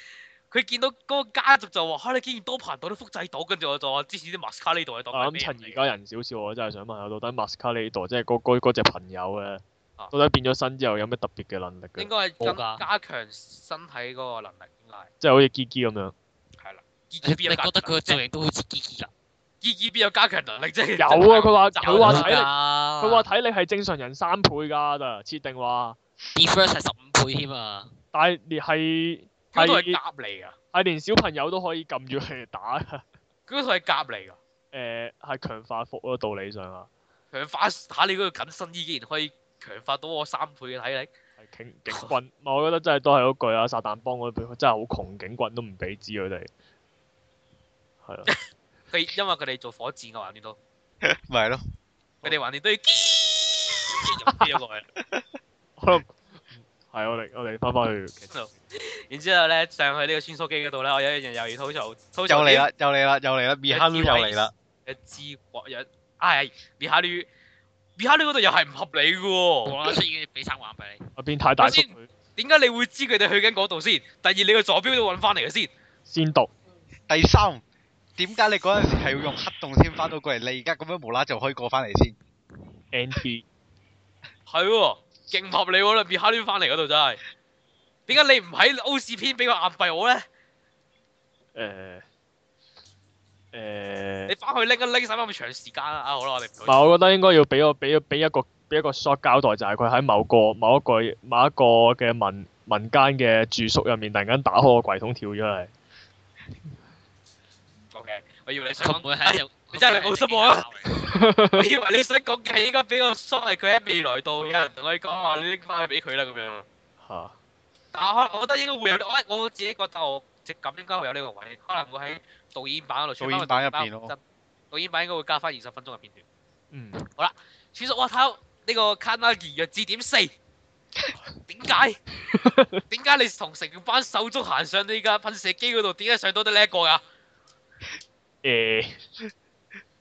佢見到嗰個家族就話：，你竟然多頻道都複製到，跟住我就話支持啲 maska 呢度。我諗趁而家人少少，我真係想問下，到底 maska 呢度，即係嗰隻朋友啊？到底變咗身之後有咩特別嘅能力？應該係加強身體嗰個能力，即係好似 Gigi 咁樣。係啦 Gigi 覺得佢個造型都好似 Gigi 啦 Gigi 變咗加強能力，即係有啊。佢話佢話體力，佢話體力係正常人三倍㗎，就設定話。Defense 係十五倍添啊！但係係。嗰套係夾嚟噶，係連小朋友都可以撳住佢哋打噶。嗰套係夾嚟噶。誒，係強化服嗰個道理上啊。強化吓你嗰個緊身衣竟然可以強化到我三倍嘅體力。係警警棍，我覺得真係都係嗰句啊！撒旦幫嗰啲真係好窮，警棍都唔俾支佢哋。係啊，佢因為佢哋做火箭嘅話，你都咪咯。佢哋話你都要驚驚到鬼。係，我嚟，我嚟，翻返去。 然之後咧，上去呢個穿梭機嗰度咧，我有一樣猶如吐槽。又嚟啦，又嚟啦，又嚟啦，米哈里又嚟啦。一支或一，米哈里， 米哈里嗰度又係唔合理嘅喎。我出現俾三萬俾你。啊，變態大叔。點解你會知佢哋去緊嗰度先？第二，你個坐標都搵翻嚟啦先。先讀。第三，點解你嗰陣時係要用黑洞先翻到過嚟？你而家咁樣無啦就可以過翻嚟先？N T。係喎 MP、 啊。勁合理喎，你變黑鳥翻嚟嗰度真係。點解你唔喺 OCP 俾個硬幣我咧？誒誒、欸。欸、你翻去拎一拎使咁長時間啦，啊。啊好啦，我哋唔。唔，我覺得應該要俾個俾俾一個俾一個 shot 交代，就係佢喺某個某一個某一個嘅民民間嘅住宿入面，突然間打開個櫃桶跳咗嚟。 O.K. 我要你上門。哎真係好失望啊！我以為你想講嘅應該俾個 sorry，佢喺未來到有人同你講話，你拎翻去俾佢啦咁樣。吓，但我覺得應該會有，我我自己覺得我直感應該會有呢個位，可能會喺導演版嗰度，導演版入邊咯。導演版應該會加翻二十分鐘嘅片段。嗯，好啦，廁所我睇呢個 Kanagi 嘅字典四，點解？點解你同成班手足行上呢架噴射機嗰度？點解上到得呢一個噶誒。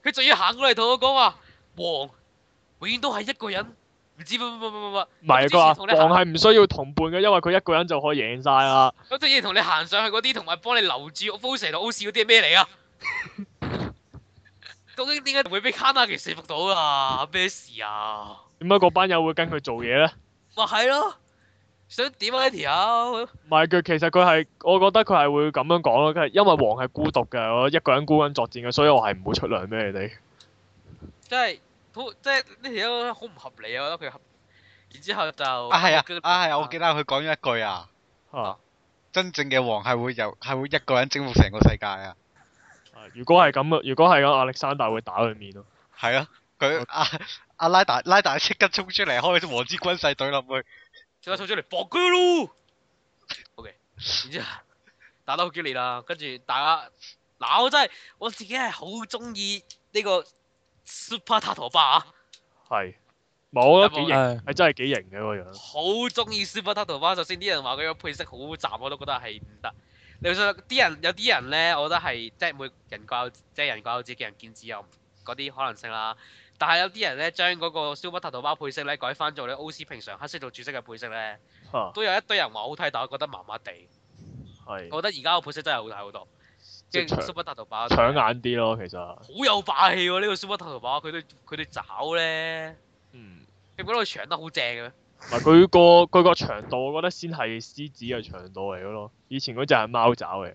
佢仲要行過嚟同我講話，王永遠都係一個人，唔知乜乜乜乜乜。唔係啩，王係唔需要同伴嘅，因為佢一個人就可以贏晒啦。咁仲要同你行上去嗰啲，同埋幫你留住 Overs 和 o v 嗰啲係咩嚟啊？究竟點解會俾卡納奇四伏到啊？咩事啊？點解個班友會跟佢做嘢咧？咪係咯。想點啊呢條友？y 唔係佢，其實佢係，我覺得佢係會咁樣講咯。佢係因為王係孤獨嘅，我一個人孤軍作戰嘅，所以我係唔會出糧俾你哋。即係即係呢條好唔合理啊！我覺得佢合，然後之後就啊係啊，嗯、啊係啊，啊，啊！我記得佢講咗一句啊，啊真正嘅王係會由係會一個人征服成個世界啊！如果係咁啊，如果係咁亞歷山大會打佢面咯。係啊，佢阿阿拉達拉達即刻衝出嚟，開咗王之軍勢隊入去。 再衝出嚟，搏佢咯。OK，然之後打得好激烈啦。跟住大家嗱，我真係我自己係好中意呢個 Super Tatoba，係冇啊，幾型係真係幾型嘅嗰個樣。好中意 Super Tatoba，首先啲人話佢個配色好雜，我都覺得係唔得。你睇下啲人有啲人咧，我覺得係即係每人各有即係人各有志，見仁見智有嗰啲可能性啦。但係有啲人咧，將嗰個蘇北大頭包配色咧，改翻做你 O C 平常黑色做主色嘅配色咧，啊、都有一堆人話好睇，但我覺得麻麻地。係的。我覺得而家個配色真係好睇好多，即係蘇北大頭包搶眼啲咯，其實。好有霸氣喎、啊！這個、ar, 呢個蘇北大頭包，佢哋佢哋爪咧，嗯，你唔覺得佢長得好正嘅、啊、咩？嗱、啊，佢、那個佢個長度，我覺得先係獅子嘅長度嚟嘅咯。以前嗰隻係貓爪嘅。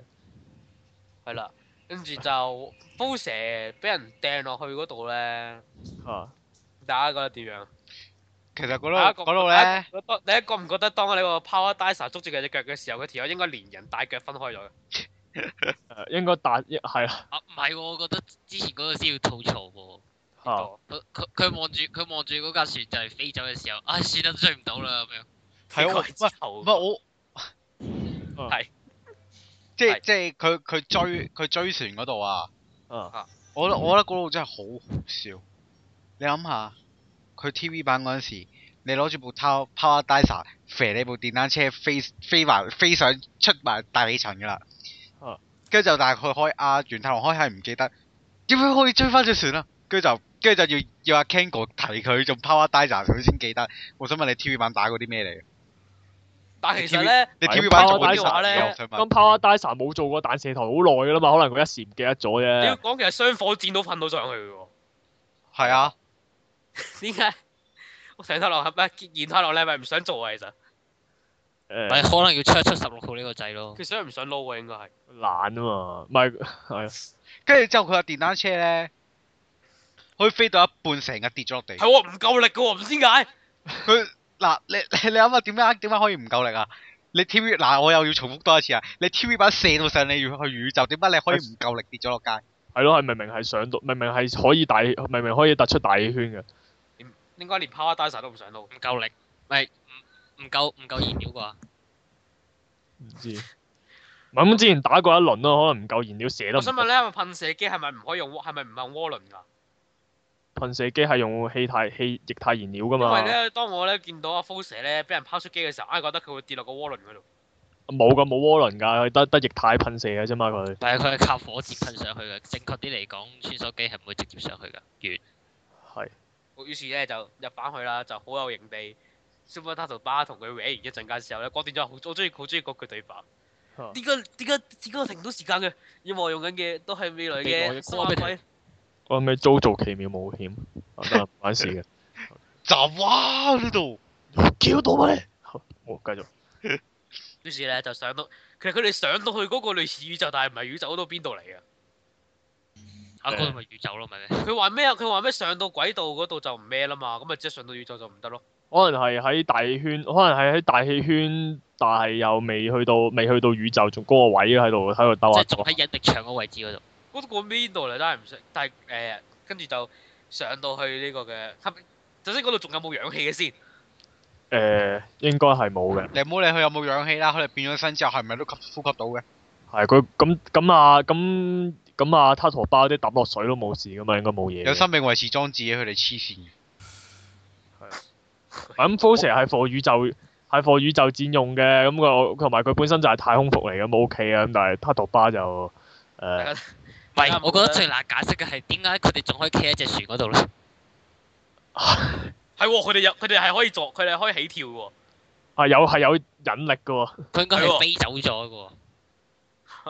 係 啦。跟住就煲蛇俾人掟落去嗰度咧，大家覺得點樣？其實嗰度嗰度咧，你一覺唔覺得當你個 power dancer 捉住佢隻腳嘅時候，佢條友應該連人帶腳分開咗嘅？應該大一係啊！唔係喎，我覺得之前嗰度先要吐槽喎。嚇！佢佢望住佢望住嗰架船就係飛走嘅時候，唉，算啦追唔到啦咁樣。係我唔係我係。即即係佢佢追佢追船嗰度啊！嗯，我我覺得嗰度真係好好笑。你諗下，佢 TV 版嗰陣時，你攞住部 Power Dasher，飛你部電單車飛飛埋飛上出埋大尾層㗎啦。跟住就大概佢開阿袁太郎開係唔記得，點樣可以追翻隻船啊。跟住就跟住就要要阿 Kango 提佢做 Power Dasher，佢先記得。我想問你 TV 版打過啲咩嚟？但其實咧，你跳板嗰啲話咧，咁 PowerDancer 冇做過彈射台好耐噶啦嘛，可能佢一時唔記得咗啫。你要講其實雙火箭都噴到上去嘅喎。係啊。點解我成日落後咩？見見下落你係咪唔想做啊？其實。誒。咪可能要出出十六號呢個掣咯。其實唔想撈喎，應該係。懶啊嘛，咪係。跟住之後佢個電單車咧，可以飛到一半成日跌咗落地。係我唔夠力嘅喎，唔知點解。佢。嗱，你你你諗下點解點解可以唔夠力啊？你 T V 嗱我又要重複多一次啊！你 T V 把射到上你要去宇宙，點解你可以唔夠力跌咗落街？係咯、欸，係明明係上到，明明係可以大，明明可以突出大氣圈嘅。應該連 Power Dasher 都唔上到，唔夠力。咪唔唔夠唔夠燃料啩、啊？唔知。咁 之前打過一輪咯，可能唔夠燃料射得。我想問咧，噴射機係咪唔可以用？係咪唔用渦輪噶？噴射機係用氣態、氣液態燃料噶嘛？因為咧，當我咧見到阿 Foser 咧俾人拋出機嘅時候，硬係覺得佢會跌落個渦輪嗰度。冇噶，冇渦輪噶，得得液態噴射嘅啫嘛佢。但係佢係靠火箭噴上去嘅，正確啲嚟講，穿梭機係唔會直接上去噶，遠。係是。於是咧就入翻去啦，就好有型地 super turtle 巴同佢玩完一陣間時候咧，段斷咗，好我中意，好中意嗰句對白。點解點解點解停唔到時間嘅？因為我用緊嘅都係未來嘅我咪做做奇妙冒險、啊，玩事嘅。雜蛙、 啊、呢度叫到咩？好、哦，我繼續。於是咧就上到，其實佢哋上到去嗰個類似宇宙，但係唔係宇宙嗰度邊度嚟嘅？阿哥咪宇宙咯，咪。佢話咩啊？佢話咩上到軌道嗰度就唔咩啦嘛，咁咪即係上到宇宙就唔得咯。可能係喺大氣圈，可能係喺大氣圈，但係又未去到，未去到宇宙，仲嗰個位喺度喺度兜下。即係仲喺引力場個位置嗰度。 我都過邊度嚟都係唔識。但係誒，跟、欸、住就上到去呢個嘅，首先嗰度仲有冇氧氣嘅先？誒、欸，應該係冇嘅。你唔好理佢有冇氧氣啦，佢哋變咗身之後係咪都吸呼吸到嘅？係佢咁咁啊咁咁啊，塔圖巴啲揼落水都冇事噶嘛，應該冇嘢。有生命維持裝置嘅佢哋黐線。係。咁 f o r s h r 係貨宇宙係貨宇宙戰用嘅，咁佢同埋佢本身就係太空服嚟嘅，冇 OK 啊。咁但係塔圖巴就誒。呃 係，我覺得最難解釋嘅係點解佢哋仲可以企喺隻船嗰度咧？係喎，佢哋入，佢哋係可以坐，佢哋係可以起跳喎。係有係有引力㗎喎。佢應該飛走咗嘅喎。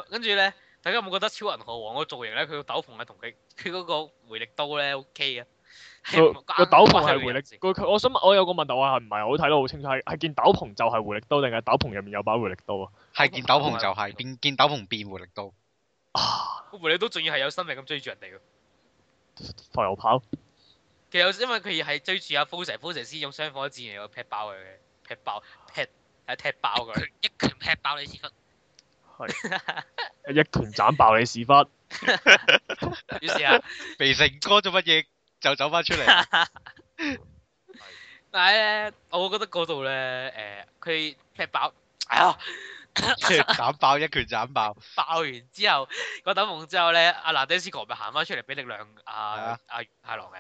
跟住咧，大家有冇覺得超人浩王個造型咧？佢個斗篷係同佢佢嗰個回力刀咧，OK 啊。個個斗篷係回力，個我想問我有個問題，我係唔係好睇到好清楚？係係件斗篷就係回力刀定係斗篷入面有把回力刀啊？係件斗篷就係變件斗篷變回力刀。啊！佢你都仲要係有生命咁追住人哋，徒油跑。其實因為佢係追住阿 Foster、Foster 呢種雙火箭嚟嚟劈爆佢嘅，劈爆劈，喺踢爆佢，一拳劈爆你屎忽。係是 一拳斬爆你屎忽。於 是啊，肥成哥做乜嘢就走翻出嚟？ 但係咧，我覺得嗰度咧，誒、呃，佢劈爆，哎呀！斬 爆一拳斬爆，爆完之後、那個斗篷之後咧，阿納丁斯哥咪行翻出嚟俾力量阿、啊、阿 Yeah.、啊、太郎嘅。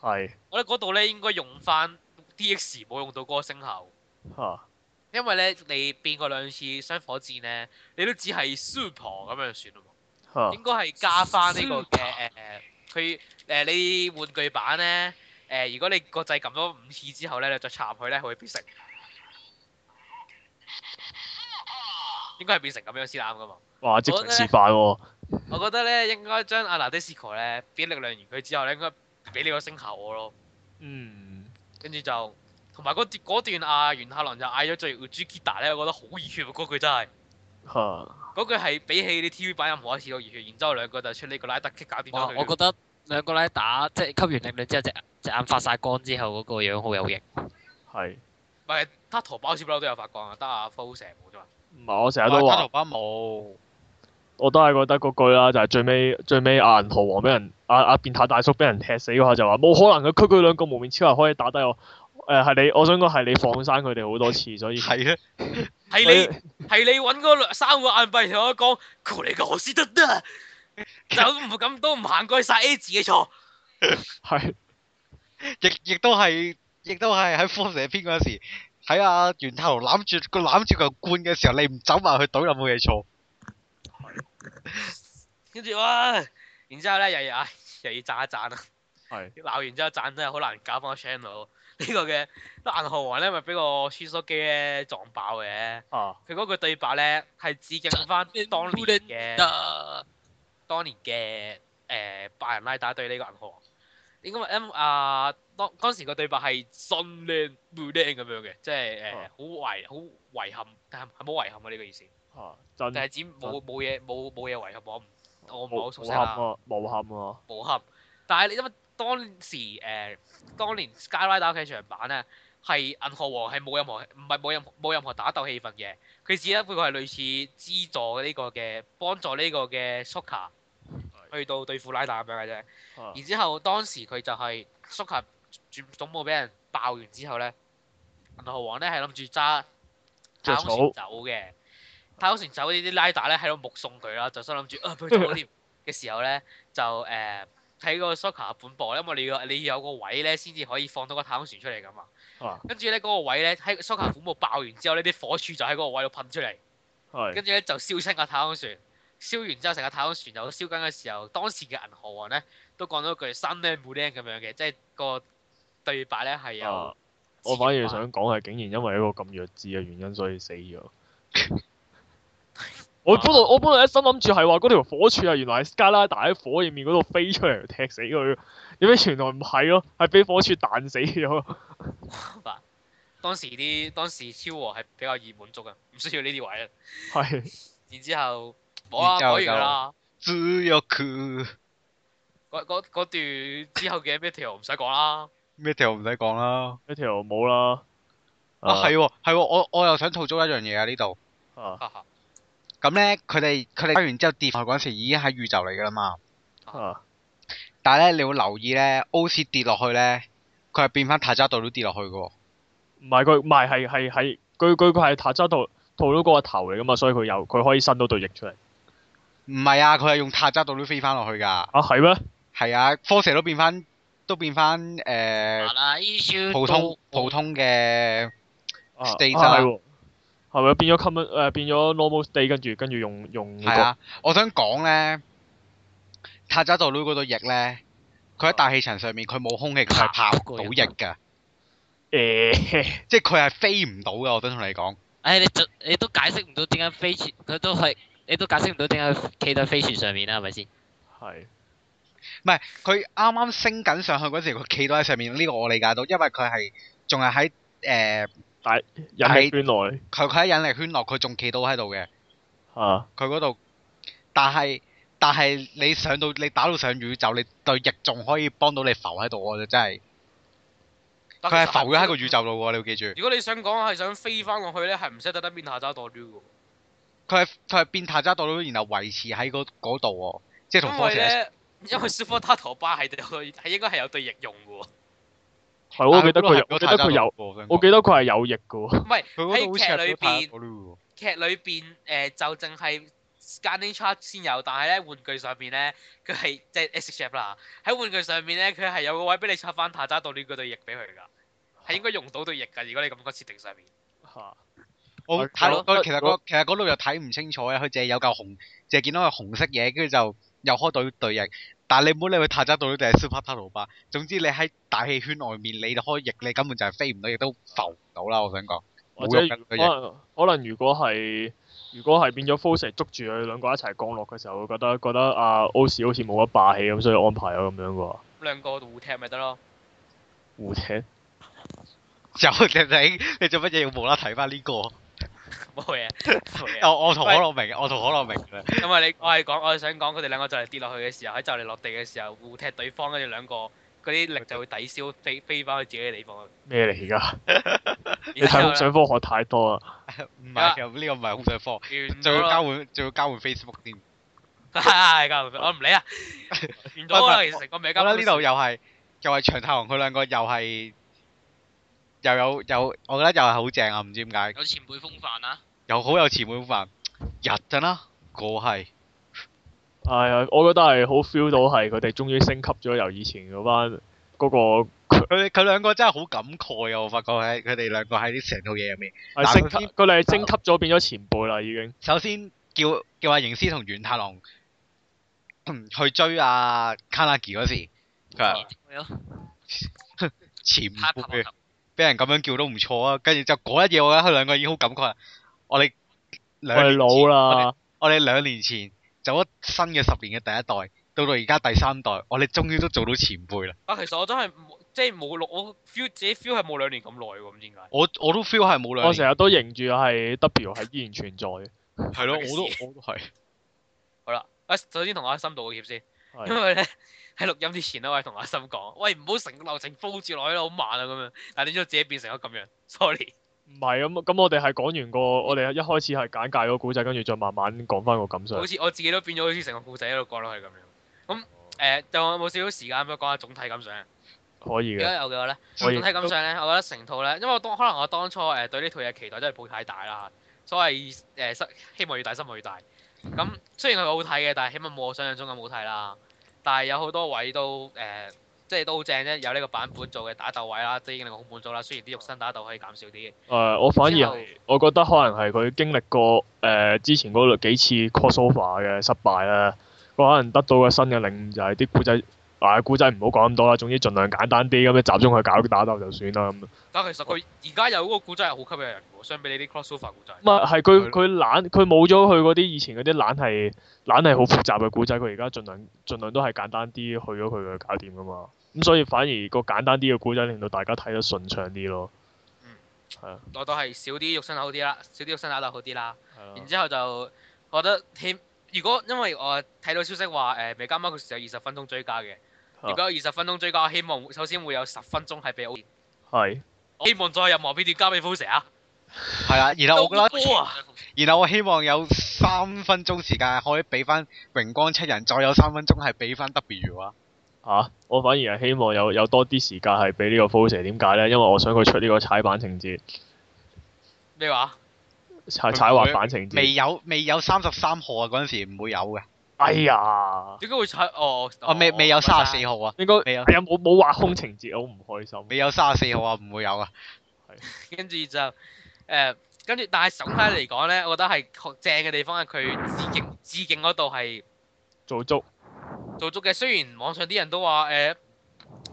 係 Yeah.。我諗嗰度咧應該用翻 D X 冇用到嗰個聲喉。吓。Huh. 因為咧你變過兩次雙火箭咧，你都只係 super 咁樣算啦嘛。吓 Huh.、那個。應該係加翻呢個嘅誒，佢誒、呃、你玩具版咧誒、呃，如果你個掣撳咗五次之後咧，你再插入去咧佢會必成。應該係變成咁樣先啱㗎嘛？哇，即場示範喎！我覺得咧、啊，應該將阿娜迪斯科咧俾力量完佢之後咧，應該俾你個聲效我咯。嗯，跟住就同埋嗰段段阿袁夏林就嗌咗最朱吉他咧，我覺得好熱血啊！嗰句真係嚇，嗰句係比起你 TV 版任何一次都熱血，然之後兩個就出呢個拉德激搞掂咗佢。我我覺得兩個拉打即係吸完力量之後隻隻眼發曬光之後嗰、那個樣好有型。係是，唔係得陀小不嬲都有發光啊，得阿 Fol 成日冇啫嘛～唔係，我成日都話。我打頭班冇。我都係覺得嗰句啦，就係最尾最尾，阿銀河王俾人，阿阿變態大叔俾人踢死嗰下就話，冇可能佢區區兩個無面超人可以打低我。誒係你，我想講係你放生佢哋好多次，所以。係啊。係你係你揾嗰兩三個硬幣同我講，求你羅斯頓啊！咁唔咁都唔行過去殺 A 字嘅錯。係。亦亦都係，亦都係喺放蛇篇嗰時。睇下，袁頭攬住個攬住嚿罐嘅時候，你唔走埋去倒有冇嘢錯。跟住哇，然之後咧，又要啊，又要炸一炸啦。係是。鬧完之後炸真係好難搞翻，這個 channel 呢是是個嘅銀河王咧，咪俾個穿梭機咧撞爆嘅。哦、啊。佢嗰句對白咧，係致敬翻當年嘅、啊，當年嘅誒拜仁拉打對呢個銀河王。應該因為、呃就是、啊，當嗰時個對白係信靚唔靚咁樣嘅，即係誒好遺好遺憾，但係冇遺憾啊呢個意思。就真。但係只冇冇嘢冇冇嘢遺憾，我唔我唔係好熟悉啊。冇憾啊！冇憾冇憾冇憾。但係你因為當時誒、呃，當年 Skyline 打劇場版咧，係銀河王係冇任何唔係冇任冇任何打鬥戲份嘅，佢只不過係類似資助呢個嘅幫助呢個嘅 Sukka。去到對付拉達咁樣嘅啫，然之後當時佢就係蘇卡總總部俾人爆完之後咧，銀河王咧係諗住揸太空船走嘅，太空船走呢啲拉達咧喺度目送佢啦，就心諗住啊佢走添嘅 時候咧就誒喺、呃、個蘇卡本部，因為你要你要有個位咧先至可以放到個太空船出嚟噶嘛，跟住咧嗰個位咧喺蘇卡本部爆完之後呢，呢啲火柱就喺嗰個位度噴出嚟，跟住咧就燒親個太空船。燒完之後，成個太空船又燒緊嘅時候，當時嘅銀河王咧都講咗句“新咧冇咧”咁樣嘅，即係個對白咧係由我反而想講係，竟然因為一個咁弱智嘅原因所以死咗。 我本來我本來一心諗住係話嗰條火柱啊，原來係加拉達喺火焰面嗰度飛出嚟踢死佢，點解原來唔係咯？係俾火柱彈死咗 、啊。當時啲當時超和係比較易滿足嘅，唔需要呢啲位啊。係。 然之後。冇啊，可以啦。只有佢嗰嗰段之後嘅咩條唔使講啦，咩條唔使講啦，咩條冇啦。啊，係喎、哦，係喎、哦，我我又想套足一樣嘢啊！呢度咁咧，佢哋佢哋翻完之後跌落去嗰陣時，已經喺宇宙嚟噶啦嘛。嗯、但係咧，你會留意咧，O C 跌落去咧，佢係變翻塔渣度都跌落去噶。唔係佢，唔係係係係，佢佢佢係塔渣度套到嗰個頭嚟噶嘛，所以佢有佢可以伸到對翼出嚟。唔係啊，佢係用塔渣道啲飛翻落去㗎。啊，係咩？係啊科 o 都變翻，都變翻誒、呃，普通普通嘅地 t 係咪變咗 come？誒變咗 normal day，跟住跟住用用。係、這個、啊，我想講咧，塔渣道啲嗰度翼咧，佢喺大氣層上面，佢冇空氣，佢係跑到翼㗎。誒、啊，啊啊、即係佢係飛唔到㗎，我想同你講。誒、哎，你你都解釋唔到點解飛前，佢都係。你都解釋唔到點解企到喺飛船上面啦，係咪先？係。唔係佢啱啱升緊上去嗰時，佢企到喺上面呢、呢個我理解到，因為佢係仲係喺誒。呃、但引力圈內。佢佢喺引力圈內，佢仲企到喺度嘅。嚇、啊！佢嗰度。但係但係，你上到你打到上宇宙，你對翼仲可以幫到你浮喺度喎，就真係。佢係浮咗喺個宇宙度喎，你要記住。如果你想講係想飛翻落去咧，係唔識得得邊下揸墮佢係佢係變塔扎朵朵，然後維持喺嗰度喎，即係同火車。因為咧， 因為 Super 塔陀巴係對，係應該係有對翼用嘅。係，我記得佢有，我，我記得佢有，我記得佢係有，有翼嘅。唔係喺劇裏邊，劇裏邊誒、呃、就淨係 Scanning Charge 先有，但係咧玩具上邊咧，佢係即係 S.H.F. 啦。喺玩具上面咧，佢係有個位俾你插翻塔扎朵朵嗰對翼俾佢噶，係 應該用到對翼噶。如果你咁個設定上面。吓。 我睇到其實嗰度又睇唔清楚啊！佢淨係有嚿紅，淨係見到個紅色嘢，跟住就又開到對翼。但係你唔好理佢，你去探究到啲特殊塔羅吧。總之你喺大氣圈外面，你就開翼，你根本就係飛唔到，亦都浮唔到啦。我想講，或者可能可能如果係如果係變咗 force 捉住佢兩個一齊降落嘅時候，會覺得覺得阿奧斯好似冇乜霸氣咁，所以安排咗咁樣啩？兩個互踢咪得咯。互踢？就 你做乜嘢要無啦睇翻呢個？冇嘢，我我同可樂明，是我同可樂明嘅。因為你，我係講，我係想講，佢哋兩個就嚟跌落去嘅時候，喺就嚟落地嘅時候，互踢對方兩，跟住兩個嗰啲力就會抵消，行飛飛翻去自己嘅地方。咩嚟噶？你太水科學太多啦。唔係，咁、這、呢個唔係好水科。仲了 要交換，仲要交換 Facebook 添。係 了，夠我唔理啊。完咗啦，其實成個名。好呢度又係，又係長太王佢兩個又係。又有又，我覺得又係好正啊！唔知點解有前輩風範啦、啊，又好有前輩風範。日陣啦，個係。係啊，我覺得係好 feel 到係佢哋終於升級咗，由以前嗰班嗰、嗰個佢佢兩個真係好感慨啊！我發覺喺佢哋兩個喺啲成套嘢入面，升佢哋係升級咗變咗前輩啦已經、啊。首先叫叫阿營師同袁太郎 去追阿卡拉奇 a 嗰時，佢話：啊、 前輩。俾人咁樣叫都唔錯啊！跟住就嗰一嘢，我覺得佢兩個已經好感慨。我哋，我哋老啦。我哋兩年前做咗新嘅十年嘅第一代，到到而家第三代，我哋終於都做到前輩啦。啊，其實我真係即係冇六，我 feel 自己 feel 係冇兩年咁耐喎，咁點解？我我都 feel 係冇兩。我成日都認住係 W 係 依然存在嘅，係咯，我都我都係。 好啦，啊，首先同阿心道個歉先。因為咧喺錄音之前咧，我係同阿森講，喂，唔好成個流程煲住落去咯，好慢啊咁樣。但係點知道自己變成咗咁樣，Sorry。唔係咁，咁我哋係講完個，我哋一開始係簡介個古仔，跟住再慢慢講翻個感想。好似我自己都變咗，好似成個故仔喺度講落去咁樣。咁、嗯、誒，我、呃、冇少少時間，咁樣講下總體感想。可以嘅。而家有嘅話咧，總體感想咧，嗯、我覺得成套咧，因為我當、嗯、可能我當初誒、呃、對呢套嘢期待真係抱太大啦。所謂誒，心希望越大，失望越大。咁雖然佢好睇嘅，但係起碼冇我想象中咁好睇啦。但係有好多位都誒、呃，即係都好正啫。有呢個版本做嘅打鬥位啦，即已經令我好滿足啦。雖然啲肉身打鬥可以減少啲，誒、呃，我反而後我覺得可能係佢經歷過誒、呃、之前嗰幾次 crossover 嘅失敗啦，佢可能得到嘅新嘅領悟就係啲古仔。啊！古仔唔好講咁多啦，總之盡量簡單啲咁樣集中去搞打鬥就算啦咁。但其實佢而家有嗰個古仔係好吸引人嘅，相比你啲 crossover 古仔。唔係，係佢佢懶，佢冇咗佢嗰啲以前嗰啲懶係懶係好複雜嘅古仔，佢而家盡量盡量都係簡單啲，去咗佢嘅搞掂㗎嘛。咁所以反而個簡單啲嘅古仔令到大家睇得順暢啲咯。嗯，係啊。我都係少啲肉身好啲啦，少啲肉身打鬥好啲啦。啊、然之後就覺得如果因為我睇到消息話誒，米迦媽佢成二十分鐘追加嘅。啊、如果有二十分鐘追加，希望首先會有十分鐘係俾 O，係是，希望再有任何片段交俾 f u s e r 啊，係啊， 然後我覺得， 然後我希望有三分鐘時間可以俾翻榮光七人，再有三分鐘係俾翻 W 啊，吓、啊，我反而係希望有有多啲時間係俾呢個 f u s e r，點解咧？因為我想佢出呢個踩板情節，咩話？踩踩滑板情節，未有未有三十三號啊！嗰陣時唔會有嘅。哎呀，點解會拆？哦，哦未未有三十四號啊，應該未有。係啊，冇冇畫空情節，好唔開心。未有三十四號啊，唔會有啊。係是的 呃，跟住就誒，跟住但係總體嚟講咧，我覺得係正嘅地方係佢致敬致敬嗰度係做足做足嘅。雖然網上啲人都話誒、呃，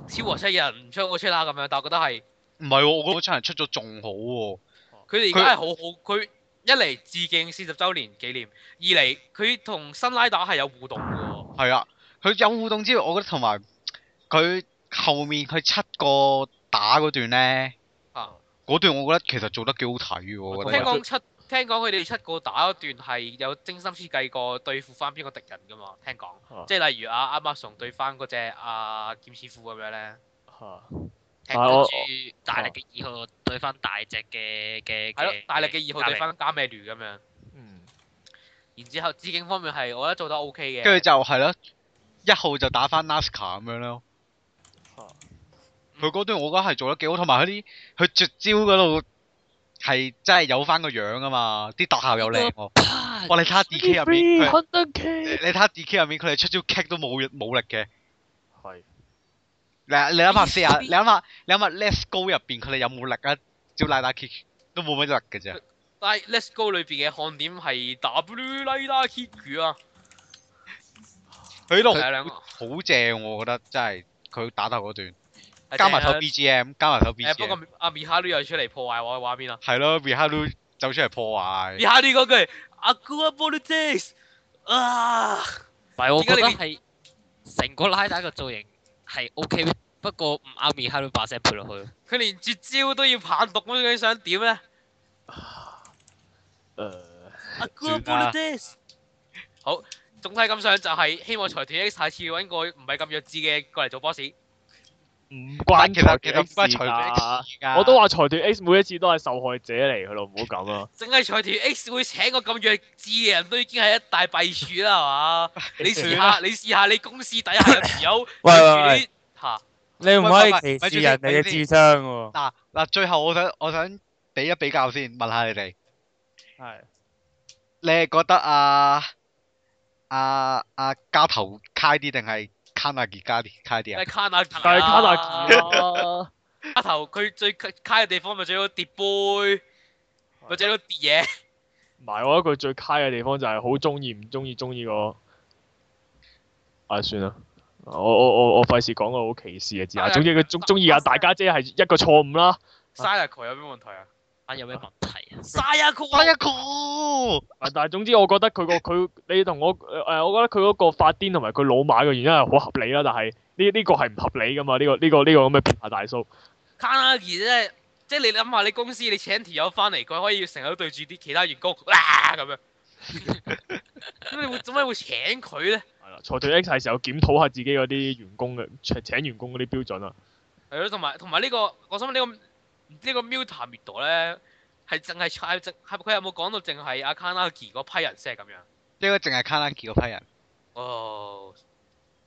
超和七人唔出我出啦咁樣，但我覺得係唔係？我覺得七人出咗仲好喎、啊。佢哋而家係好好佢。一嚟致敬四十周年紀念，二嚟佢同新拉打係有互動嘅喎、哦。係啊，佢有互動之外，我覺得同埋佢後面佢七個打嗰段咧，嗰、啊、段我覺得其實做得幾好睇喎。我聽講七、聽講佢哋七個打一段係有精心設計過對付翻邊個敵人嘅嘛？聽講，啊、即係例如阿阿馬遜對翻嗰隻阿劍士夫咁樣咧。啊住大力嘅二號對翻大隻嘅嘅，係咯，大力嘅二號對翻加咩聯咁樣。嗯。然之後資金方面係，我覺得做得 OK 嘅。跟住就係、是、咯，一號就打翻 NASCAR 咁樣咯。哦、啊。佢嗰段我覺得係做得幾好，同埋佢啲佢絕招嗰度係真係有翻個樣啊嘛，啲特效又靚。我、啊、你睇下 DQ 入面，是你睇下 DQ 入面佢哋出招 kick 都冇冇力嘅。係。你你諗下試下啊，你諗下你諗下 Let's go 入邊佢哋有冇力啊？招拉打 kick 都冇乜力嘅啫。但係 Let's go 裏邊嘅看點係 w 拉打 kick 啊，佢呢度好正我覺得真，真係佢打頭嗰段加埋頭 BGM，加埋頭 BGM。不過阿米哈魯又出嚟破壞我嘅畫面啦。係咯，米哈魯走出嚟破壞。米哈魯嗰句 a 阿哥啊，volts 啊！唔係我覺得係成個拉打嘅造型。係 O K，不過唔啱面喺度把聲配落去。佢 連絕招都要跑毒，咁你想點咧？誒，阿 g o o d n e s,、啊、 好，總體感想就係希望財團 X 下次要揾個唔係咁弱智嘅過嚟做 boss。唔關其他其他事啊！我都話財團 X 每一次都係受害者嚟，佢咯，唔好咁啊！淨係財團 X 會請個咁弱智嘅人都已經係一大弊處啦，係嘛？你試下，你試下你公司底下有喂喂喂吓，去主 你唔可以歧視人哋嘅智商喎！嗱嗱，最後我想我想比一比較先，問下你哋係你係覺得阿阿阿家頭差啲定係？卡納基咖啲，卡迪啊！係卡納基啊！卡頭佢最卡卡嘅地方咪仲要疊杯，咪仲要疊嘢。唔係，我覺得佢最卡嘅地方就係好中意唔中意中意個。 啊。算啦，我我我我費事講個好歧視嘅字啊。總之佢中中意啊，之啊大家姐係一個錯誤啦。s a n y 有咩問題啊？有咩問題啊？晒一個，玩一個。啊，但係總之我覺得佢個佢，你同我誒、呃，我覺得佢嗰個發癲同埋佢老馬嘅原因係好合理啦。但係呢呢個係唔合理噶嘛這個這個這個？呢個呢個呢個咁嘅變態大叔。卡納基真即係你諗下，你公司你請條友翻嚟，佢可以成日都對住啲其他員工啦、啊、咁樣。咁你會做咩會請佢咧？係啦，坐對 X 係時候檢討下自己嗰啲員工嘅請請員工嗰啲標準啊。係咯，同埋同埋呢個，我想問、這、呢個。呢個 Mutant 咧係淨係係佢有冇講到淨係阿卡拉奇嗰批人先係咁樣？呢個淨係卡拉奇嗰批人。哦、oh，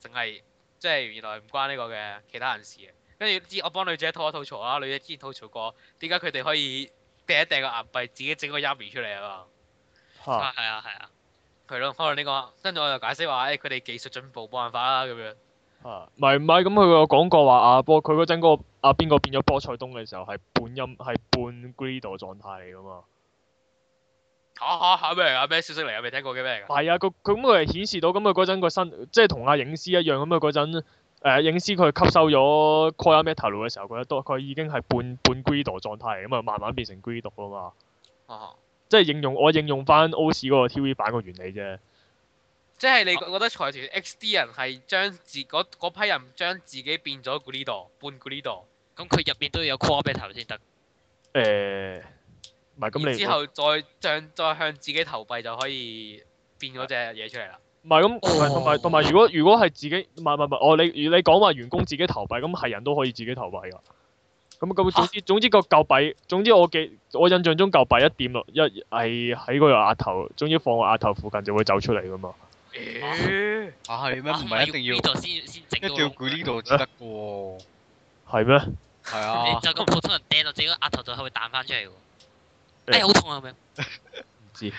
淨係即係原來唔關呢個嘅其他人士嘅。跟住知我幫女仔吐一吐槽啦，女仔之前吐槽過點解佢哋可以掟一掟個硬幣自己整個 Yami 出嚟啊嘛。嚇！係啊係啊，係咯、啊，可能呢個跟住我就解釋話誒，佢哋技術進步，冇辦法啦咁樣。啊，唔係，唔係咁佢有講過話阿波，佢嗰陣個阿邊個變咗波塞冬嘅時候係半音，係半 Greed 狀態嚟噶嘛？嚇嚇嚇咩嚟噶？咩消息嚟？有未聽過嘅咩嚟噶？係啊，佢佢咁佢係顯示到咁佢嗰陣個身，即係同阿影師一樣咁佢嗰陣誒影師佢吸收咗 Core Medal 嘅時候，佢都佢已經係半半 Greed 狀態嚟咁啊，慢慢變成 Greed 啊嘛。即係應用我應用翻 O 市嗰個 TV 版個原理啫。即係你覺得財團 X D 人係將自嗰批人將自己變咗 Glider 搬 Glider 咁佢入邊都要有 coin 俾頭先得。誒、欸，唔係咁你之後再向再，再向自己投幣就可以變嗰隻嘢出嚟啦。唔係咁，同埋同埋，如果如果係自己，唔唔唔，哦你你講話員工自己投幣咁係人都可以自己投幣㗎。咁咁總之哈總之個舊幣總之我記我印象中舊幣一掂落，一係喺嗰個額頭，總之放個額頭附近就會走出嚟㗎嘛。誒，啊，係咩？唔係一定要先先整，一定要古呢度先得嘅喎。係咩？係啊。就咁普通人掟落自己個額頭度，會彈翻出嚟嘅。哎呀，好痛啊！咁樣？唔知。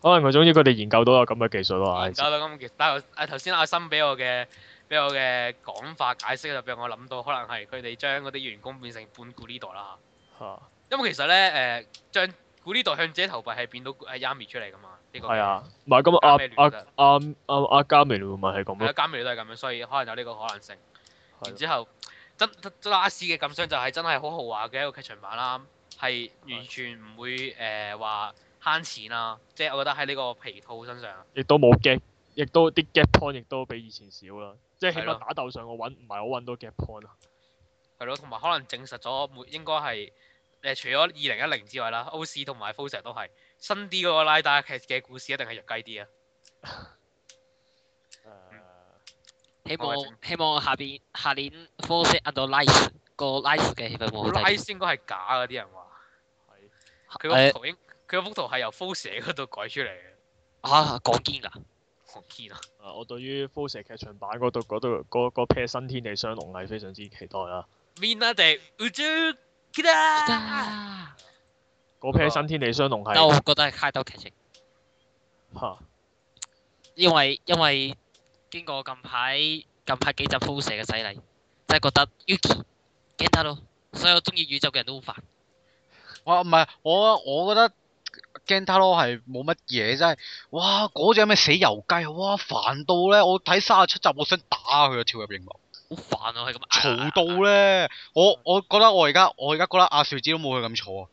可能佢終於佢哋研究到有咁嘅技術咯。研究到咁嘅技術。誒，頭先阿森俾我嘅、俾我嘅講法解釋，就俾我諗到，可能係佢哋將嗰啲員工變成半古呢度啦。吓。因為其實咧，誒，將古呢度向自己投幣係變到係阿咪出嚟噶嘛。係、這個、啊，唔係咁阿阿阿阿阿加梅唔係係咁樣。阿、啊、加梅都係咁樣，所以可能有呢個可能性。啊、然之後，真真真拉斯嘅感想就係、是、真係好豪華嘅一個劇場版啦，係完全唔會誒話慳錢啊！即係我覺得喺呢個皮套身上，亦都冇 gap，亦都啲 gap point 亦都比以前少啦。即係起碼打鬥上，我揾唔係好揾到 gap point 啊。係咯，同埋、啊、可能證實咗，沒應該係。誒除咗二零一零之外啦，O.C. 同埋 Foster 都係新啲嗰個 Light Dark 劇嘅故事一定係弱雞啲啊！希望希望下邊下年 Foster 到 Light 個 Light 嘅戲份冇。Light 應該係假啊！啲人話，佢個圖應佢個幅圖係由 Foster 嗰度改出嚟嘅。嚇講堅啊！講堅啊！我對於 Foster 劇場版嗰度嗰度嗰 pair 新天地雙龍蟻非常之期待啊。嗰 p a i 新天地雙龍系，但我覺得係太多劇情。嚇！哈因為因為經過近排近排幾集輻射嘅洗禮，真、就、係、是、覺得 Uki g e n e 所有中意宇宙嘅人都好煩。哇我唔係我我覺得 g e n e 係冇乜嘢，真係哇嗰隻咩死油雞哇煩到咧！我睇三十七集，我想打佢啊！跳入屏幕。好煩啊，係咁嘈到咧！啊、我我覺得我而家我而家覺得阿少子都冇佢咁嘈啊！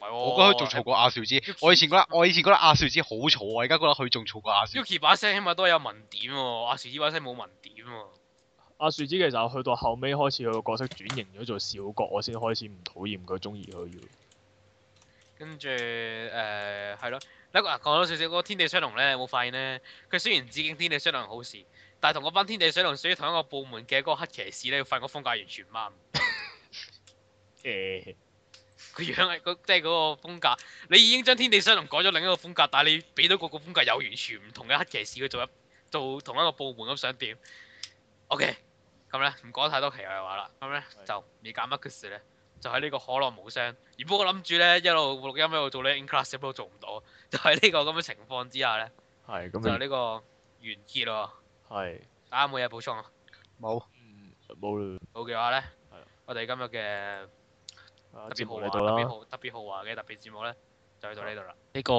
的我覺得仲嘈過阿少子。欸、我以前覺得我以前覺得阿少子好嘈啊，而家覺得佢仲嘈過阿。Yuki 把聲起碼都有文點喎，阿少子把聲冇文點啊！阿少之、啊啊、其實去到後尾開始佢個角色轉型咗做小角，我先開始唔討厭佢，中意佢。跟住誒，係、呃、咯，嗱，講咗少少嗰個天地雙龍咧，有冇發現咧？佢雖然致敬天地雙龍好事。但係同嗰班天地水龍屬於同一個部門嘅嗰個黑騎士咧，佢發個風格完全唔啱、 欸。 誒，個樣係即係嗰個風格。你已經將天地水龍改咗另一個風格，但係你俾到個個風格有完全唔同嘅黑騎士佢做一做同一個部門咁，想點？O K，咁咧唔講太多奇怪話啦。咁咧是的 就未搞乜嘅事咧，就喺、是、呢個可樂無聲。而不過我諗住咧一路錄音一路做呢 in class clip 都做唔到，就喺、是、呢個咁嘅情況之下咧，係咁就呢個完結咯。係，大家冇嘢補充啊？冇，冇、嗯，冇嘅了話咧，的我哋今日嘅特別好嚟啦，特別豪華嘅特別節目咧，就去到呢度啦。呢、啊這個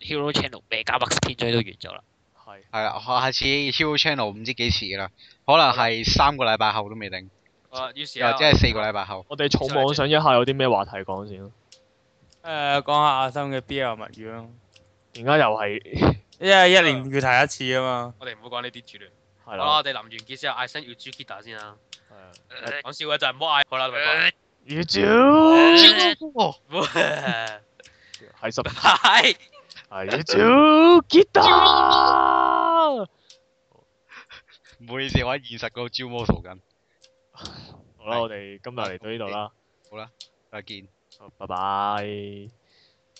Hero Channel 嘅嘉賓之旅都完咗啦。係是，係啊，下下次 Hero Channel 唔知幾時噶，可能係三個禮拜後都未定。於是啊，即係四個禮拜後。啊、我哋草網上一下有啲咩話題講先咯。誒、呃，講下阿森嘅 BL 物語咯。而家在又係。 一年要睇一次啊嘛，我哋唔好講呢啲住啦，好啦，我哋臨完結之後，I send you guitar 先啦，講笑嘅就係唔好嗌，好啦，你講，You do，哇，I send，hi，I you do guitar，唔好意思，我喺現實嗰度招 model 緊，好啦，我哋今日嚟到呢度啦，好啦，再見，好，拜拜。